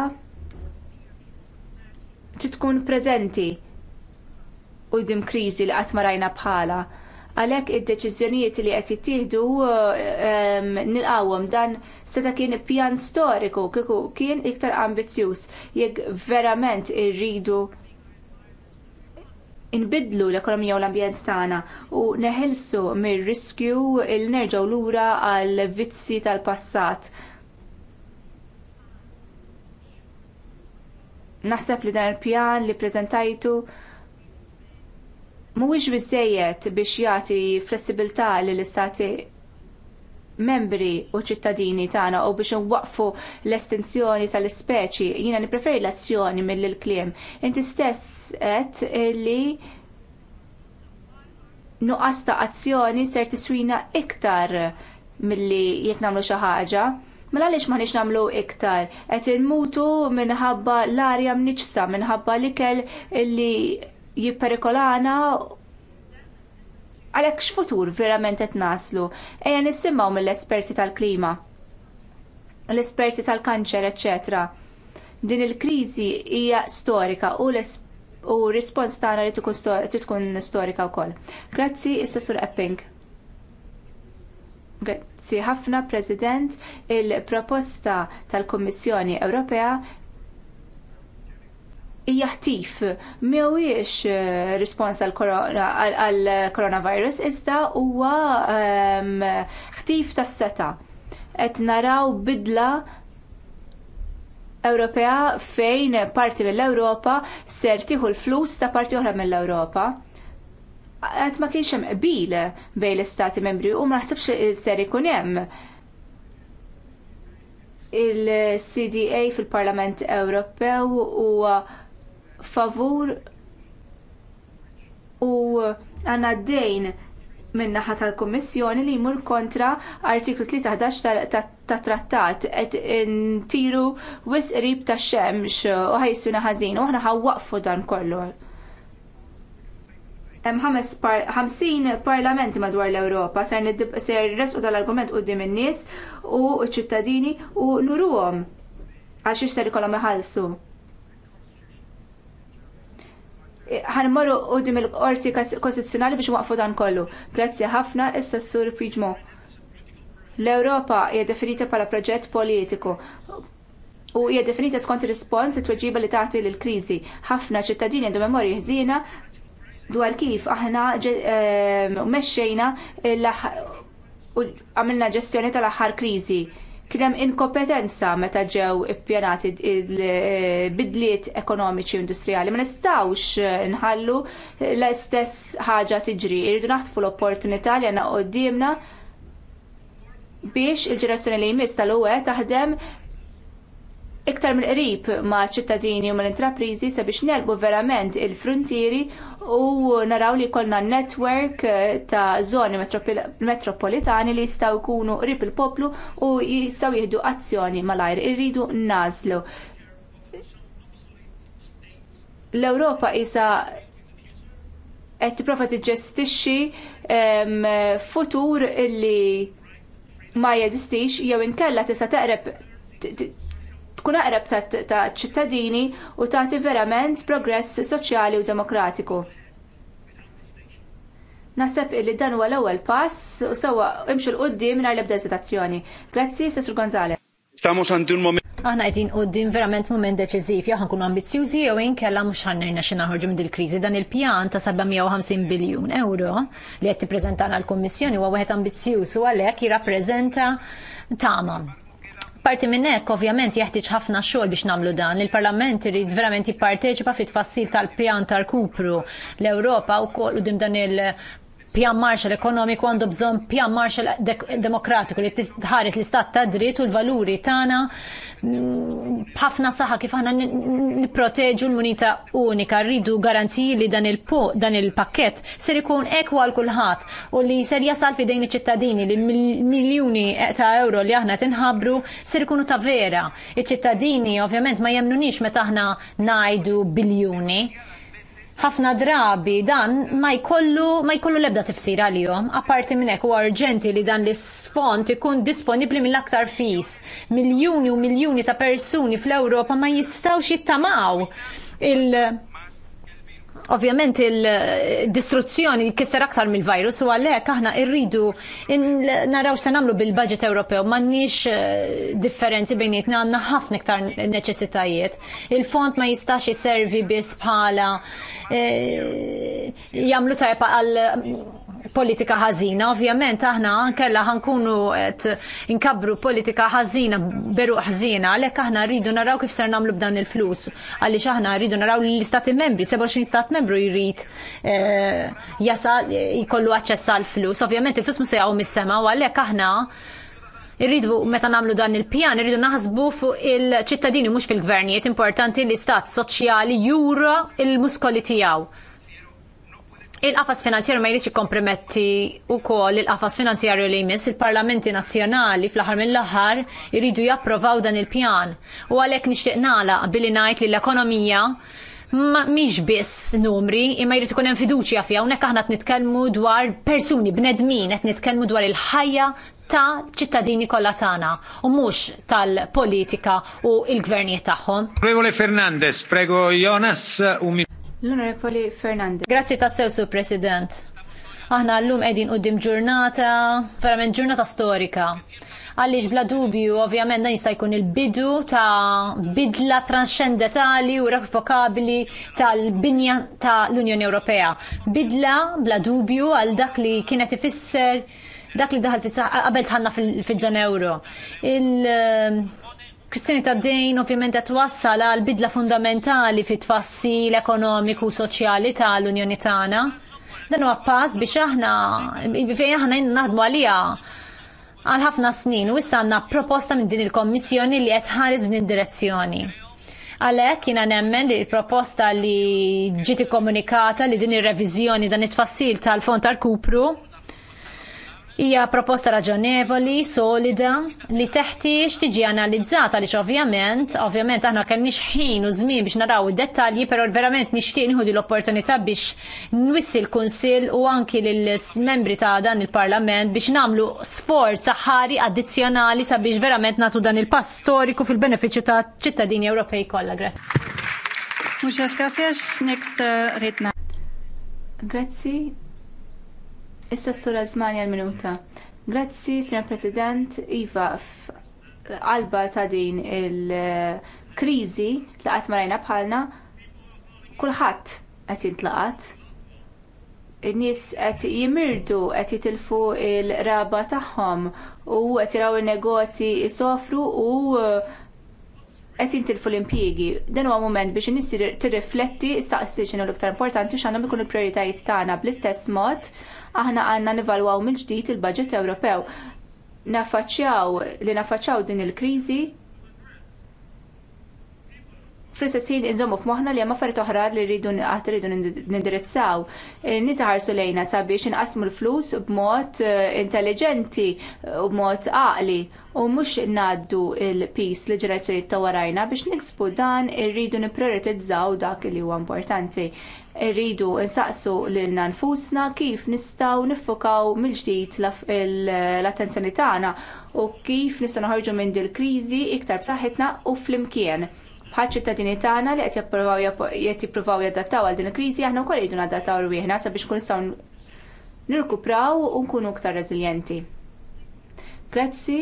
Speaker 2: ġi tkun preżenti quddiem kriżi li qatt ma rajna bħala. Għalhekk id-deċiżjonijiet li qed jittieħdu ehm, nilqawhom dan seta kien pjan storiku kieku kien iktar ambizzjuż jekk verament irridu inbidlu l-ekonomija u l-ambjent tagħna u neħilsu mir-riskju il nerġgħu lura għal vizzi tal-passat Naħseb li dan il-pjan li prezentajtu mhuwiex biżejjed biex jagħti flessibilità lill istati membri u ċittadini tagħna u biex nwaqfu l-estinzjoni tal-ispeċi, jiena nippreferi l-azzjoni mill-kliem. Inti stess qed li nuqqas ta' azzjoni ser tiswina iktar milli jekk nagħmlu xi ħaġa. Mela għaliex ma nix namlu iktar? Qed inmutu minħabba l-arja mniċsa, minħabba l-ikel li jipperikolana għalhekk x'futur verament qed naslu. Ejja nisimgħu mill-esperti tal-klima, l-esperti tal-kanċer, eċċetera. Din il-kriżi hija storika u l u rispons tagħna li tkun storika wkoll. Grazzi, Issa Sur Epping. Grazzi ħafna, President. Il-proposta tal-Kommissjoni Ewropea hija ħtif mhuwiex eh, rispons għall-coronavirus iżda huwa ehm, ħtif tas-seta. Qed naraw bidla Ewropea fejn parti mill-Ewropa ser tieħu l-flus ta' parti oħra mill-Ewropa għat ma kienx hemm qbil bejn l-istati membri u ma naħsibx ser ikun hemm. Il-CDA fil-Parlament Ewropew huwa favur u għanna d-dejn minnaħa tal-Kommissjoni li jmur kontra artiklu 13 ta' trattat qed intiru wisq qrib tax xemx u ħajsuna ħażin u aħna ħawwaqfu dan kollu hemm 50 parlamenti madwar l-Ewropa ser resqu tal-argument quddiem in-nies u ċ-ċittadini u nuruhom għax ixter ikollhom iħallsu. Ħanmorru quddiem il-qorti kostituzzjonali biex waqfu dan kollu. Grazzi ħafna issa s-sur Piġmo. L-Ewropa hija definita bħala proġett politiku u hija definita skont ir-rispons it-tweġiba li tagħti lill kriżi Ħafna ċittadini għandhom memorji ħżiena dwar kif aħna ehm, mexxejna għamilna ġestjoni tal-aħħar kriżi. Kien hemm inkompetenza meta ġew ippjanati eh, bidliet ekonomiċi industrijali. Ma nistgħux eh, nħallu l-istess ħaġa tiġri. Irridu naħtfu l-opportunità li għandna qudiemna biex il-ġerazzjoni li jmiss tal uwe taħdem iktar mill qrib ma' ċittadini u mal-intraprizi sabiex nelbu verament il-frontieri u naraw li jkollna netwerk eh, ta' żoni metropolitani li jistgħu jkunu qrib il-poplu u jistgħu jieħdu azzjoni malajr irridu nazlu. L-Ewropa isa qed tipprova tiġġestixxi futur illi ma jeżistix jew inkella tista' teqreb tkun aqreb ta' ċittadini u tagħti verament progress soċjali u demokratiku. Naseb illi dan huwa l-ewwel pass
Speaker 3: u sewwa imxu l qudiem mingħajr l-ebda eżitazzjoni. Grazzi, Sessur Gonzalez.
Speaker 1: Stamos għandu moment.
Speaker 3: Aħna qegħdin qudiem verament mument deċiżiv, jew ħankunu ambizzjużi jew inkella mhux ħannejna xi naħorġu minn il-kriżi. Dan il-pjan ta' 750 biljun euro li qed tippreżentana l-Kummissjoni huwa wieħed ambizzjuż u għalhekk jirrappreżenta tama Parti minn hekk ovvjament jeħtieġ ħafna xogħol biex nagħmlu dan. Il-Parlament irid verament jipparteċipa fit tfassil tal-pjan tal-kupru l-Ewropa wkoll quddiem dan il pjan Marshall ekonomiku għandu bżonn pjan Marshall demokratiku li tħares l-istat ta' dritt u l-valuri tagħna b'ħafna mm, saħħa kif aħna nipproteġu l-munita unika, rridu garanziji li dan il-pakket ser ikun ekwa għal kulħadd u li ser jasal fidejn iċ-ċittadini li miljuni ta' euro li aħna tinħabru ser ikunu ta' vera. Iċ-ċittadini ovvjament ma jemnunix meta aħna ngħidu biljuni ħafna drabi dan ma jkollu ma jkollu lebda tifsir għalihom. Apparti minn hekk huwa urġenti li dan l-isfond ikun disponibbli mill-aktar fis. Miljuni u miljuni ta' persuni fl-Ewropa ma jistgħux jittamaw il- Ovvjament il-distruzzjoni kisser aktar mill-virus u għalhekk aħna irridu naraw se nagħmlu bil-budget Ewropew m'għandniex eh, differenzi bejnietna għandna ħafna iktar neċessitajiet. Il-fond ma jistax iservi biss bħala eh, jagħmlu tajba għal politika ħażina, ovvjament aħna kella ħankunu qed inkabru politika ħażina beru ħażina, għalhekk aħna rridu naraw kif ser nagħmlu b'dan il-flus. Għaliex aħna rridu naraw li l-istati membri, 27 stat membru jrid eh, jasal jkollu aċċess għall flus. Ovvjament il-flus mhux se jgħu mis-sema u għalhekk aħna irridu meta nagħmlu dan il-pjan, irridu naħsbu fuq il-ċittadini mhux fil-gvernijiet importanti li stat soċjali jura il-muskoli tiegħu Il-qafas finanzjarju ma jridx ikkomprimetti wkoll il-qafas finanzjarju li jmiss il-parlamenti nazzjonali fl-aħħar mill-aħħar jridu japprovaw dan il-pjan. U għalhekk nixtieq nagħlaq billi ngħid li l-ekonomija mhix biss numri, imma jrid ikun hemm fiduċja fiha hawnhekk aħna qed nitkellmu dwar persuni bnedmin qed nitkellmu dwar il-ħajja ta' ċittadini kollha tagħna u mhux tal-politika u l-gvernijiet tagħhom. Prego Fernandez, prego Jonas u L-Onorevoli Fernandez. Grazzi tassew, Sur President. Aħna l-lum edin u ġurnata, verament ġurnata storika għalix bla dubju ovvjament dan jista' jkun il-bidu ta' bidla transcendentali u refokabli tal-binja ta' l-Unjoni Ewropea. Bidla bla dubju għal dak li kienet ifisser dak li daħal fissa qabel tħanna fil-ġan euro. K'ristjoni ta' dejn ovvjament qed wassal għal bidla fundamentali fit tfassil ekonomiku u soċjali tal-Unjoni tagħna. Dan huwa pass biex aħna fejn aħna naħdmu għalija għal ħafna snin u issa għandna proposta minn din il-Kommissjoni li qed ħares din id-direzzjoni. Għalhekk jiena nemmen li l-proposta li ġiet ikkomunikata li din ir-reviżjoni dan it-tfassil tal-fond tal-kupru Hija proposta raġonevoli, solida, li teħtiex tiġi analizzata li ovvjament, ovvjament aħna kellniex ħin u żmien biex naraw id-dettalji, però verament nixtieq nieħu l-opportunità biex nwissi l-Kunsill u anki lill-membri ta' dan il-Parlament biex nagħmlu sforz ħari addizzjonali sabiex verament nagħtu dan il-pass storiku fil-benefiċċju ta' ċittadini Ewropej kollha. Grazie.
Speaker 2: Muchas gracias. Next uh, Grazzi, Issa s-sura Zmanja l minuta Grazzi, Sr. President, Iva, qalba ta' din il-krizi li qatt marajna bħalna, kulħadd qed jintlaqat. In-nies qed jimirdu qed jitilfu l raba tagħhom u qed iraw il-negoti jsofru u qed jintilfu l-impjiegi. Dan huwa mument biex in-nies tirrifletti staqsi x'inhu l-iktar importanti x'għandhom ikunu l-prijoritajiet tagħna bl-istess mod aħna għandna nivalwaw mill-ġdid il-budget Ewropew. Nafaċċjaw li nafaċċjaw din il-kriżi fl-istessin inżommu f'moħna li għamma farit oħra li rridu għat rridu nindirizzaw. Eh, Nisaħarsu lejna sabiex inqasmu l-flus b'mod eh, intelligenti eh, u b'mod għaqli u mhux ngħaddu l-pis li li ta' warajna biex niksbu dan irridu prioritizzaw dak li huwa importanti. Irridu nsaqsu lilna nfusna kif nistgħu niffokaw mill-ġdid l-attenzjoni tagħna u kif nistgħu nħarġu minn dil kriżi iktar b'saħħitna u flimkien bħal ċittadini tagħna li qed jippruvaw jadattaw għal din il-kriżi aħna wkoll jridu nadattaw rwieħna sabiex kun nistgħu nirkupraw u nkunu aktar reżiljenti. Grazzi.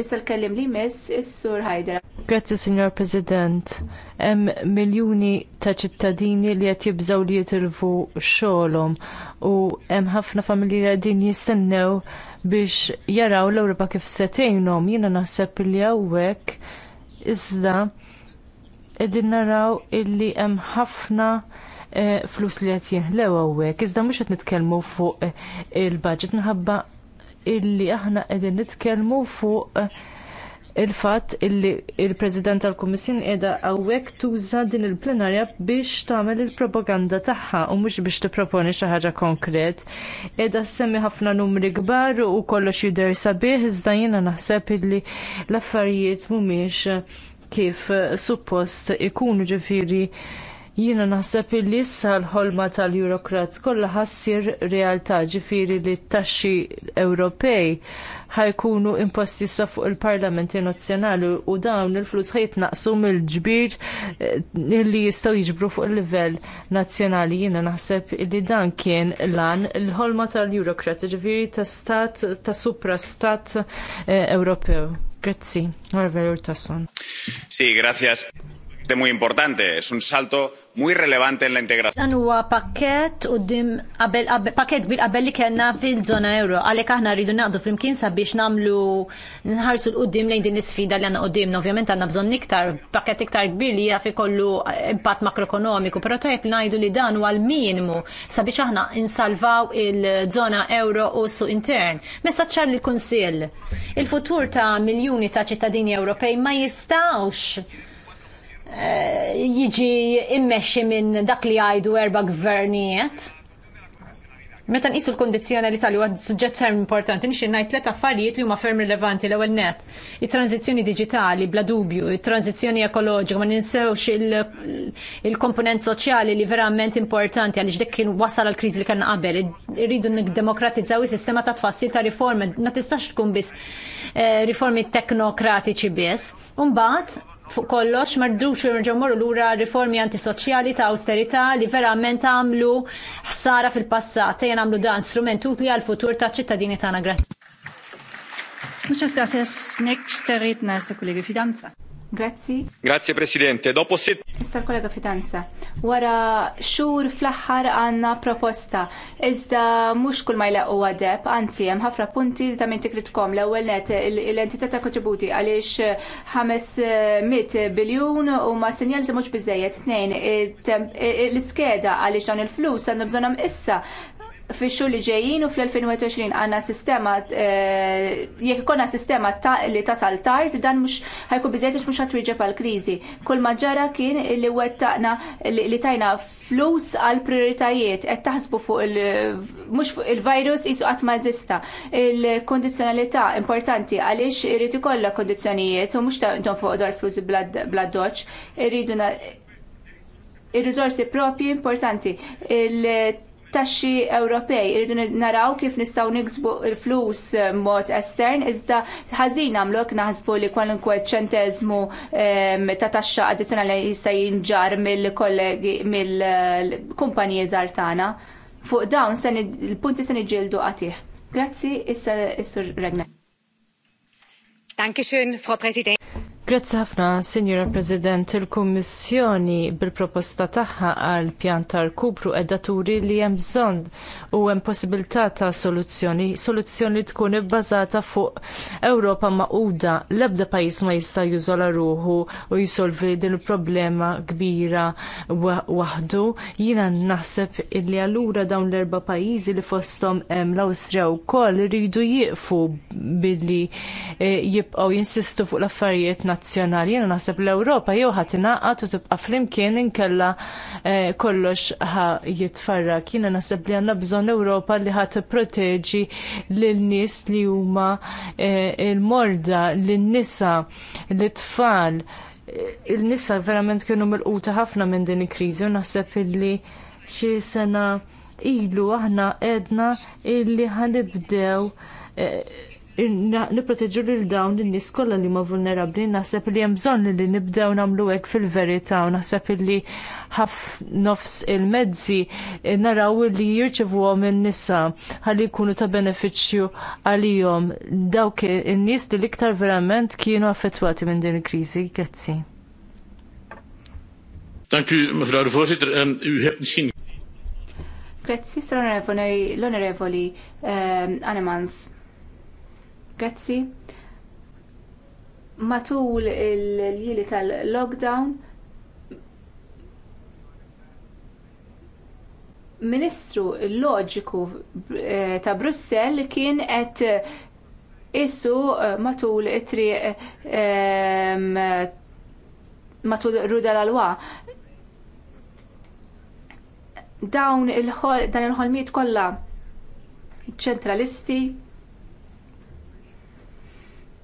Speaker 2: Issa l-kellim li miss
Speaker 1: is-Sur Hajder. Grazzi, Signor President. Hemm miljuni ta' ċittadini li qed jibżgħu li jitilvu xogħolhom u hemm ħafna familji li qegħdin jistennew biex jaraw l-Ewropa kif se tgħinhom. Jiena naħseb li hawnhekk iżda qegħdin naraw illi hemm ħafna eh, flus li qed jinħlew hawnhekk, iżda mhux qed nitkellmu fuq eh, il-budget minħabba illi aħna qegħdin nitkellmu fuq eh, il-fatt illi il-President tal-Kummissjoni qiegħda hawnhekk tuża din il-plenarja biex tagħmel il-propaganda tagħha u mhux biex tipproponi xi ħaġa konkret. Qiegħda semmi ħafna numri kbar u kollox jidher sabiħ iżda jiena naħseb illi l-affarijiet mhumiex kif suppost ikunu ġifieri Jiena naħseb li issa l-ħolma tal-Eurokrat kollha ħassir realtà ġifieri li t-taxxi Ewropej ħajkunu imposti sa fuq il-parlamenti nazzjonali u dawn il-flus naqsu mill-ġbir eh, li jistgħu jiġbru fuq il-livell nazzjonali. Jiena naħseb li dan kien lan il-ħolma tal-Eurocrat, ġviri ta' stat ta' suprastat eh, Ewropew. Grazzi, Marvel Tasson.
Speaker 3: Sì, grazie de muy importante, es un salto muy relevante en la integración. Dan huwa pakket qudiem qabel pakket bil qabel li kellna fil-żona euro, għalhekk aħna rridu naqdu flimkien sabiex nagħmlu nħarsu l-qudiem lejn din l-isfida li għandna qudiemna. Ovvjament għandna bżonn iktar pakket iktar kbir li jaf ikollu impatt makroekonomiku, però tajb ngħidu li dan huwa l-minimu sabiex aħna insalvaw il-żona euro u su intern. ċar lill kunsill il-futur ta' miljuni ta' ċittadini Ewropej ma jistawx Eh, jiġi immexxi minn dak li għajdu erba gvernijiet. Meta nqisu l-kondizzjonalità li huwa suġġett ferm importanti nixi ngħid tliet affarijiet li huma ferm rilevanti l-ewwel net. Il-tranzizzjoni diġitali bla dubju, it-tranzizzjoni ekoloġika, ma ninsewx il-komponent soċjali li verament importanti għaliex dik kien wasal għal kriżi li kellna qabel. Irridu niddemokratizzaw is-sistema ta' tfassil ta' riformi, ma tistax tkun biss eh, riformi teknokratiċi biss. Mbagħad fuq kollox marduċu jirġaw morru lura riformi antisoċjali ta' austerità li verament għamlu ħsara fil-passat. Ejja għamlu dan strument utli għal-futur ta' ċittadini tagħna. Grazzi. Muchas gracias. Next, Redner, der
Speaker 2: kollegi Fidanza. Grazzi.
Speaker 3: Grazie Presidente. Dopo se...
Speaker 2: Sar kollega Fitanza. Wara xur fl-aħħar għanna proposta. Iżda mhux kull ma jlaqqu għadeb, anzi hemm ħafna punti ta' minn tikritkom l-ewwel net l-entità ta' kontributi għaliex 500 eh, biljun huma sinjal mhux bizzejet, tnejn l-iskeda għaliex dan il-flus għandhom bżonnhom issa fix xhur li ġejjin u fl-2021 għandna sistema eh, jekk ikolna sistema li tasal tard dan mhux ħajku biżejjed mhux qed twieġeb għal kriżi Kull ma ġara kien li wettaqna li tajna flus għal prioritajiet qed taħsbu fuq il mhux fuq il-virus qisu qatt ma jeżista. Il-kondizzjonalità importanti għaliex irid ikollha kondizzjonijiet u mhux intom fuq dwar flus bla doċ, irridu ir-riżorsi propji importanti. Il taxxi Ewropej. Irridu naraw kif nistgħu niksbu l-flus eh, mod estern iżda ħażin għamlok naħsbu li kwalunkwe ċentezmu ehm, ta' taxxa addizzjonali jista' jinġar mill-kollegi mill-kumpaniji żgħar tagħna. Fuq dawn se il-punti se niġġieldu qatih. Grazzi issa is-Sur Regna.
Speaker 3: Dankeschön, Frau Präsident.
Speaker 1: Grazzi ħafna, Sinjora President, il-Kummissjoni bil-proposta tagħha għal pjan tal-kubru edha turi li hemm bżonn u hemm possibilità ta' soluzzjoni, soluzzjoni li tkun ibbażata fuq Ewropa maquda l-ebda pajjiż ma jista' jużola ruħu u jisolvi din il-problema kbira waħdu. Jiena naħseb illi allura dawn l-erba pajjiżi li fosthom hemm l-Awstrija wkoll iridu jieqfu billi eh, jibqgħu jinsistu fuq l-affarijiet internazzjonali. Jena naħseb l-Ewropa jew ħadd ingħaqad u tibqa' flimkien inkella eh, kollox ħa jitfarrak. Jiena naħseb li għandna bżonn Ewropa li ħadd tipproteġi lil nies li huma eh, il-morda, lin-nisa, l-tfal. Eh, il-nisa verament kienu milquta ħafna minn din il-kriżi u naħseb illi xi sena ilu aħna qedna illi ħanibdew Nipproteġu lil dawn in-nies kollha li ma vulnerabbli naħseb li hemm bżonn li nibdew nagħmlu hekk fil-verità u naħseb li ħaf nofs il-mezzi eh, naraw li jirċevuhom in-nisa ħalli jkunu ta' benefiċċju għalihom dawk in-nies li l-iktar verament kienu affettwati minn din il-kriżi. Grazzi.
Speaker 2: Dank ehm, u, mevrouw de l-onorevoli ehm, Anemans prezzi. Matul il-jili tal-lockdown, Ministru loġiku eh, ta' Brussell kien qed issu eh, matul it-triq ehm, matul Ruda l-Alwa. Dawn il-ħolmiet kollha ċentralisti,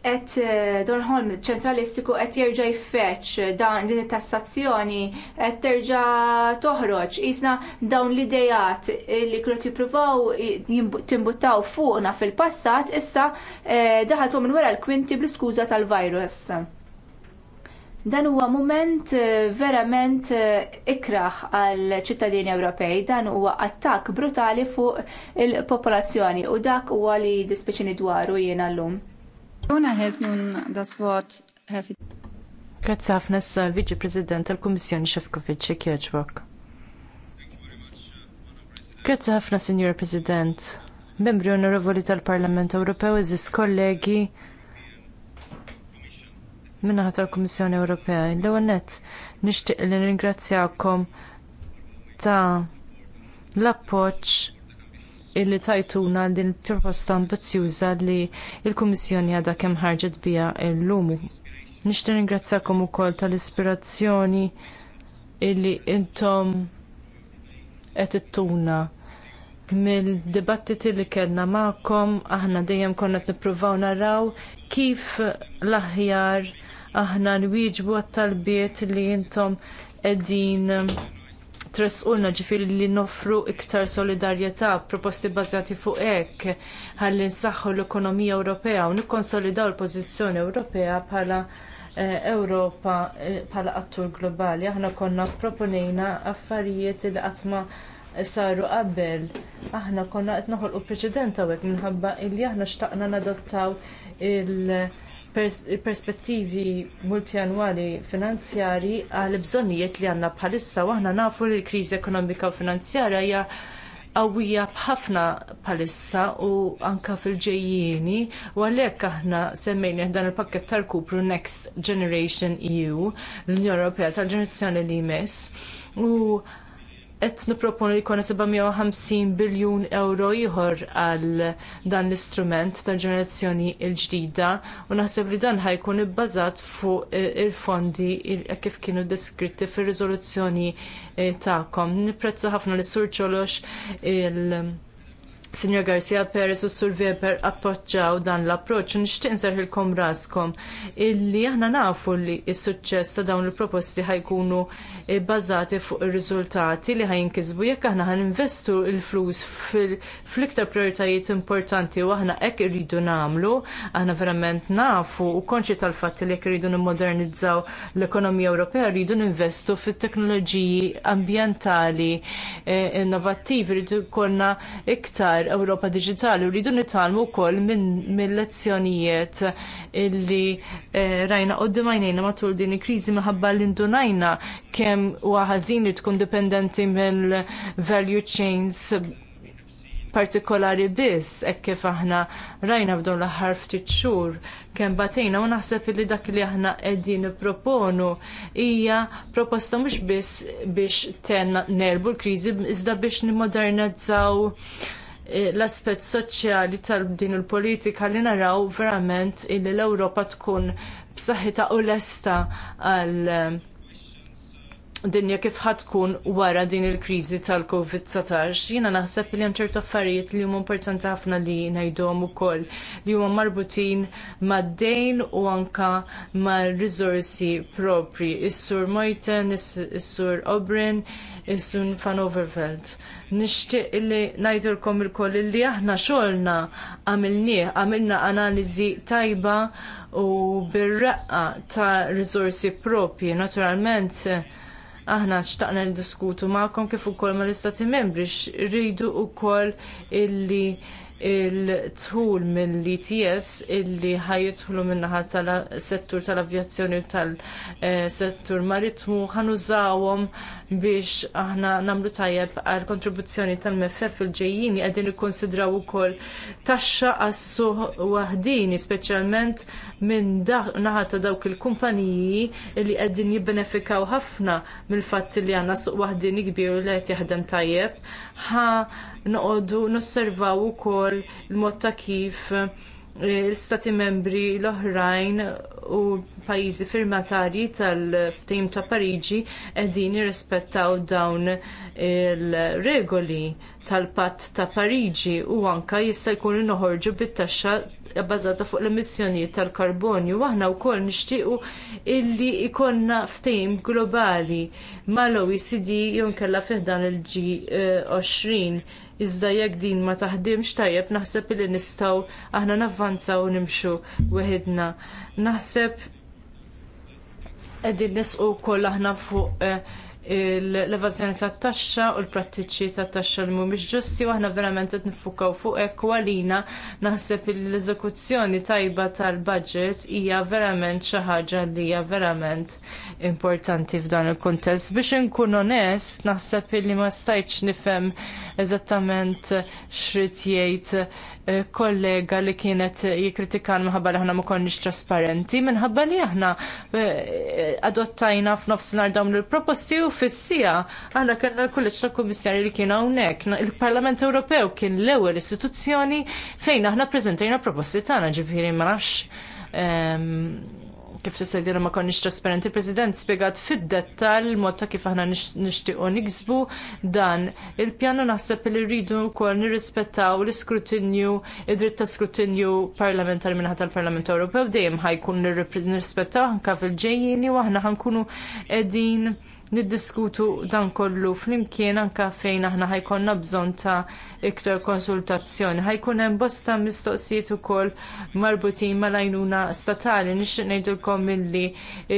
Speaker 2: et eh, Donholm ċentralistiku qed jerġa' jfeċ eh, dan din it-tassazzjoni qed terġa' toħroġ isna dawn l-idejat eh, li kienu jippruvaw timbuttaw fuqna fil-passat issa daħatu minn wara l-kwinti bl-iskuża tal-virus. Dan huwa mument verament ikraħ għal ċittadini Ewropej, dan huwa attakk brutali fuq il-popolazzjoni u dak huwa li dispiċini dwaru jiena llum. Grazie
Speaker 1: Grazzi ħafna issa l-Viċi Commissione tal e Xefkovic Grazie a ħafna, Signor Presidente, Membri onorevoli del Parlamento Europeo e zis colleghi minnaħat tal Commissione Europea. L-ewwel nett nixtieq li ningrazzjakom ta' l-appoġġ illi tajtuna din proposta ambizzjuża li l-Kummissjoni għadha kemm ħarġet biha llum. Nixtieq ringrazzakom ukoll tal-ispirazzjoni illi intom qed ittuna mill-dibattiti li kellna magħkom aħna dejjem konna qed nippruvaw naraw kif l-aħjar aħna nwieġbu għat-talbiet li intom qegħdin tresqulna ġifiri li noffru iktar solidarjetà proposti bbażati fuq hekk ħalli nsaħħu l-ekonomija Ewropea u nikkonsolidaw il-pożizzjoni Ewropea bħala eh, Ewropa eh, bħala attur globali. Aħna konna proponejna affarijiet li qatt ma saru qabel. Aħna konna qed noħolqu preċedent hawnhekk minħabba li aħna xtaqna nadottaw il- il-perspettivi multianwali finanzjarji għal bżonnijiet li għandna bħalissa u aħna nafu li l-kriżi ekonomika u finanzjarja hija qawwija b'ħafna bħalissa u anke fil-ġejjieni u għalhekk aħna semmejna dan il-pakket tal-kupru Next Generation EU l-Unjoni Ewropea tal-ġenerazzjoni li jmiss. U qed niproponi li jkun 750 biljun euro ieħor għal dan l-istrument tal-ġenerazzjoni l-ġdida u naħseb li dan ħajkun ibbażat fuq eh, il-fondi eh, kif kienu deskritti fir-riżoluzzjoni eh, tagħkom. Nipprezza ħafna li sur ċolox il- Signor Garcia Perez u Sur Weber appoġġaw dan l-approċ u nixtieq nserħilkom raskom illi aħna nafu li s-suċċess ta' dawn il-proposti ħajkunu eh, bbażati fuq ir-riżultati li ħajinkisbu jekk aħna ħaninvestu l-flus fl-iktar prioritajiet importanti u aħna hekk irridu nagħmlu, aħna verament nafu u konċi tal-fatt li jekk irridu nimmodernizzaw l-ekonomija Ewropea rridu ninvestu fit-teknoloġiji ambjentali eh, innovattivi rridu jkollna iktar dwar Ewropa Digitali u rridu nitalmu wkoll mill-lezzjonijiet illi eh, rajna qoddim għajnejna matul din il-kriżi minħabba li ndunajna kemm huwa ħażin li tkun dipendenti mill-value chains partikolari biss hekk kif aħna rajna f'dawn l-aħħar ftit xhur kemm batejna u naħseb li dak li aħna qegħdin nipproponu hija proposta mhux biss biex ten nerbu l-kriżi iżda biex nimmodernizzaw Eh, l-aspet soċjali tal-din il-politika li naraw verament illi l ewropa tkun b'saħħitha u lesta għal eh, dinja kif ħad tkun wara din il-kriżi tal-COVID-19. Jiena naħseb li hemm ċertu affarijiet li huma importanti ħafna li ngħidhom ukoll li huma marbutin mad-dejn u anke mar-riżorsi propri. Is-Sur Mojten, is-Sur Obrin, is-Sur Van Overveld nixtieq illi ngħidulkom ilkoll illi aħna xogħolna għamilnieh, għamilna analiżi tajba u bir-raqqa ta' riżorsi propji. Naturalment aħna xtaqna niddiskutu magħkom kif ukoll mal istati membri rridu wkoll illi il dħul mill-ETS illi ħajidħlu min-naħa tal-settur tal-avjazzjoni u tal-settur maritmu ħanużawhom biex aħna nagħmlu tajjeb għal kontribuzzjoni tal-MFF fil-ġejjini qegħdin ikkonsidraw ukoll taxxa għas-suq waħdini speċjalment minn naħa ta' dawk il-kumpaniji illi qegħdin jibbenefikaw ħafna mill-fatt li għandna suq waħdini kbir u li qed jaħdem tajjeb noqogħdu nosservaw ukoll l mod ta' kif eh, l-istati membri l-oħrajn u pajjiżi firmatarji tal-ftehim ta' Pariġi qegħdin jirrispettaw dawn il-regoli tal-patt ta' Pariġi u anke jista' jkunu noħorġu bit-taxxa bbażata fuq l-emissjonijiet tal-karbonju. Aħna wkoll nixtiequ illi jkollna ftehim globali mal-OECD jew nkella dan il-G20 eh, Iżda jekk din ma taħdimx tajjeb naħseb li nistgħu aħna navvanzaw u nimxu weħidna. Naħseb qegħdin nisqu wkoll aħna fuq eh, l-evażjoni tat-taxxa u l-prattiċi tat-taxxa li mhumiex ġusti u aħna verament qed niffukaw fuq hekk u għalina naħseb li l-eżekuzzjoni tajba tal-budget hija verament xi ħaġa li hija verament importanti f'dan il-kuntest. Biex inkun onest, naħseb li ma stajtx nifhem eżattament xrid jgħid kollega li kienet jikritikan minħabba li aħna ma konniex trasparenti, minħabba li aħna eh, adottajna f'nofsinhar dawn il-proposti u fissija sija aħna kellna l kulleċ tal-Kummissarji li kien hawnhekk. Il-Parlament Ewropew kien l-ewwel istituzzjoni fejn aħna ppreżentajna proposti tagħna ġifieri ma nafx ehm, kif tista' jdiru ma konniex trasparenti, il-President spjegat fid-dettal mod ta' kif aħna nixtiequ niksbu dan il-pjanu naħseb li rridu wkoll nirrispettaw l-iskrutinju, id-dritt ta' skrutinju parlamentari minħat tal-Parlament Ewropew dejjem ħajkun nirrispettaw anke fil-ġejjieni u aħna ħankunu qegħdin niddiskutu dan kollu flimkien anke fejn aħna ħajkonna bżonn ta' iktar konsultazzjoni. Ħajkun hemm bosta mistoqsijiet ukoll marbutin mal-għajnuna statali. Nixtieq ngħidulkom milli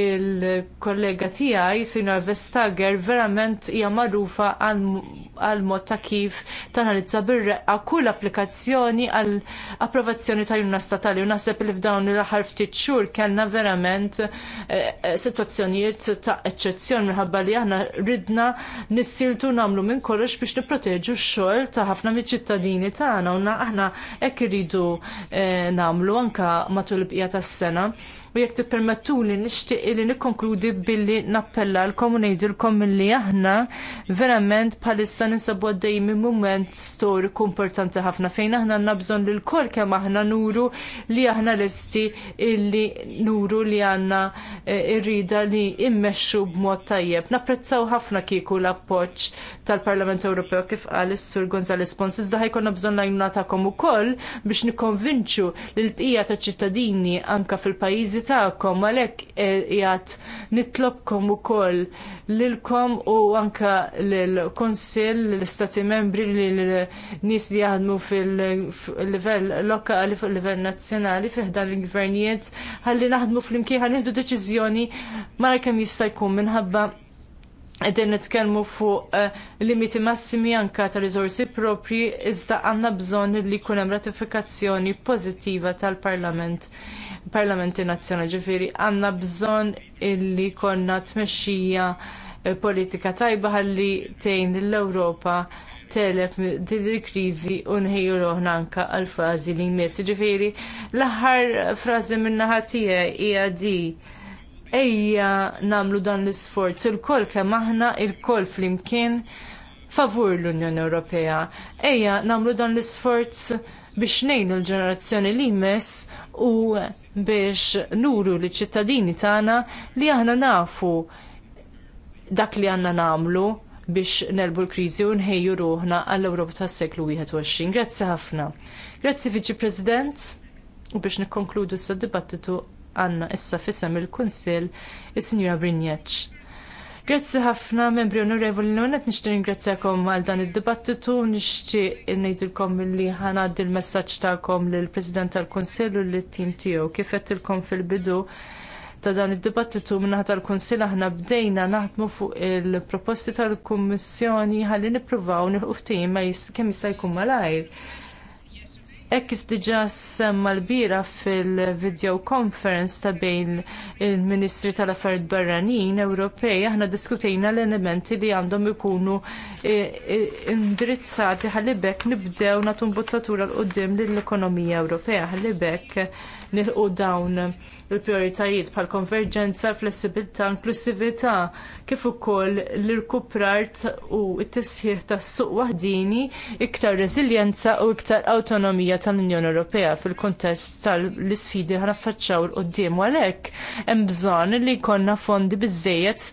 Speaker 1: l kollega tiegħi Sinor Vestager verament hija magħrufa għal mod ta' kif tanalizza bir-reqqa kull applikazzjoni għal approvazzjoni ta' għajnuna statali u naħseb li f'dawn l-aħħar ftit xhur kellna verament eh, eh, sitwazzjonijiet ta' eċċezzjoni minħabba minħabba li aħna ridna nissiltu nagħmlu minn kollox biex nipproteġu x-xogħol ta' ħafna miċ-ċittadini tagħna u aħna hekk irridu eh, nagħmlu anke matul il-bqija tas-sena. U jekk tippermettu li nixtieq li nikkonkludi billi nappella l-kom u ngħidilkom aħna verament bħalissa ninsabu għaddej minn mument storiku importanti ħafna fejn aħna għandna bżonn li l-kol kemm aħna nuru li aħna lesti illi nuru li għandna e, irrida li immexxu b'mod tajjeb. Napprezzaw ħafna kieku l-appoġġ tal-Parlament Ewropew kif qal is-Sur Gonzales Pons iżda ħajkonna bżonn lajnuna tagħkom ukoll biex nikkonvinċu l bqija taċ ċittadini anke fil-pajjiżi il għalek jgħat għalhekk u eh, nitlobkom ukoll lilkom u anke l kunsill l-Istati Membri l nies li jaħdmu fil-livell lokali fuq livell nazzjonali fih dan il-gvernijiet ħalli naħdmu flimkien ħalli nieħdu deċiżjoni mara kem jista' jkun minħabba Għedin nitkellmu fuq eh, limiti massimi anke ta' rizorsi propri, iżda għandna bżonn li jkun hemm ratifikazzjoni pożittiva tal-Parlament parlamenti nazzjonali ġifieri għandna bżonn illi konna tmexxija eh, politika tajba ħalli tgħin l-Ewropa telep din il-kriżi u nħejju roħna anke għal fażi li jmiss. Ġifieri l-aħħar frażi min-naħa tiegħi hija di ejja nagħmlu dan l-isforz il-kol kemm aħna il-kol flimkien favur l-Unjoni Ewropea. Ejja nagħmlu dan l-isforz biex ngħinu l-ġenerazzjoni li jmiss u biex nuru li ċittadini tagħna li aħna nafu dak li għandna nagħmlu biex nelbu l-kriżi u nħejju ruħna għall-Ewropa tas-seklu 21. Grazzi ħafna. Grazzi Viċi President u biex nikkonkludu s-dibattitu għandna issa fisem il-Kunsill is-Sinjura Brinjeċ. Grazzi ħafna membri onorevoli nonet nixtieq ringrazzjakom għal dan id-dibattitu, nixtieq ngħidilkom milli ħanad il messaġġ tagħkom lill President tal-Kunsill u lit-tim tiegħu kif qedtilkom fil-bidu ta' dan id-dibattitu minnaħa tal-Kunsill aħna bdejna naħdmu fuq il-proposti tal-Kummissjoni ħalli nippruvaw nilqu ftehim ma kemm jista' jkun malajr. Hekk kif diġà semma l-bira fil-video conference ta' bejn il-Ministri tal-Affarijiet Barranin Ewropej, aħna diskutejna l-elementi li għandhom ikunu e, e, indirizzati ħalli bekk nibdew nagħtu mbuttatura l-qudiem lill-ekonomija Ewropea ħalli bekk nilqu dawn il-prioritajiet bħal konverġenza, flessibilità, inklusività, kif ukoll l-irkuprart u t-tisħiħ tas-suq waħdini, iktar reżiljenza u iktar awtonomija tal-Unjoni Ewropea fil-kuntest tal-isfidi ħanaffaċċaw l-qoddim. Għalhekk hemm bżonn li jkollna fondi biżżejjed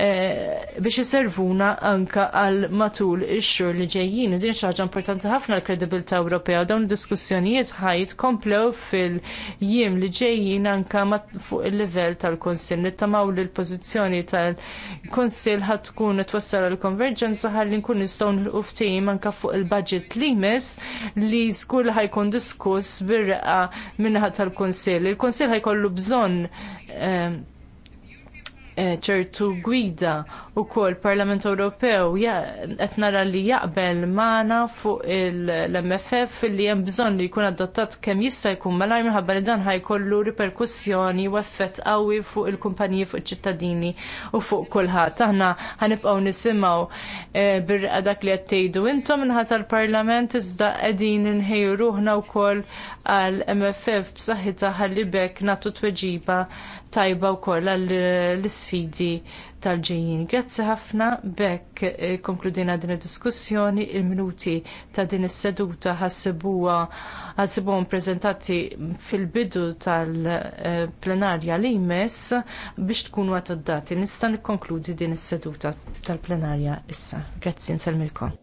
Speaker 1: Eh, biex iservuna anka għal matul ix-xhur li ġejjin. Din xi ħaġa importanti ħafna l-kredibilità Ewropea dawn id-diskussjonijiet ħajt komplew fil-jiem li ġejjin anka fuq il-livell tal-Kunsill. Nittamaw li l-pożizzjoni tal-Kunsill ħatkun tkun twassal għal konverġenza ħalli nkun nistgħu nilqu ftehim anke fuq il-budget li jmiss li żgur li ħajkun diskuss bir-reqqa minnaħat tal-Kunsill. Il-Kunsill ħajkollu bżonn eh, ċertu gwida wkoll Parlament Ewropew qed nara li jaqbel magħna fuq l-MFF li hemm bżonn li jkun adottat kemm jista' jkun malajr minħabba li dan ħajkollu riperkussjoni u effett qawwi fuq il-kumpaniji fuq iċ-ċittadini u fuq kulħadd. Aħna ħanibqgħu nisimgħu eh, birqa dak li qed tgħidu intom minħata l-Parlament iżda qegħdin inħejju ruħna wkoll għal MFF b'saħħitha ħalli bekk nagħtu tweġiba tajba wkoll għall-isfidi tal-ġejjin. Grazzi ħafna bekk eh, konkludina din id-diskussjoni il-minuti ta' din is-seduta ħassibuha ħassibuhom preżentati fil-bidu tal-plenarja li jmess biex tkunu għatoddati. Nista' nikkonkludi din is-seduta tal-plenarja issa. Grazzi nsalmilkom.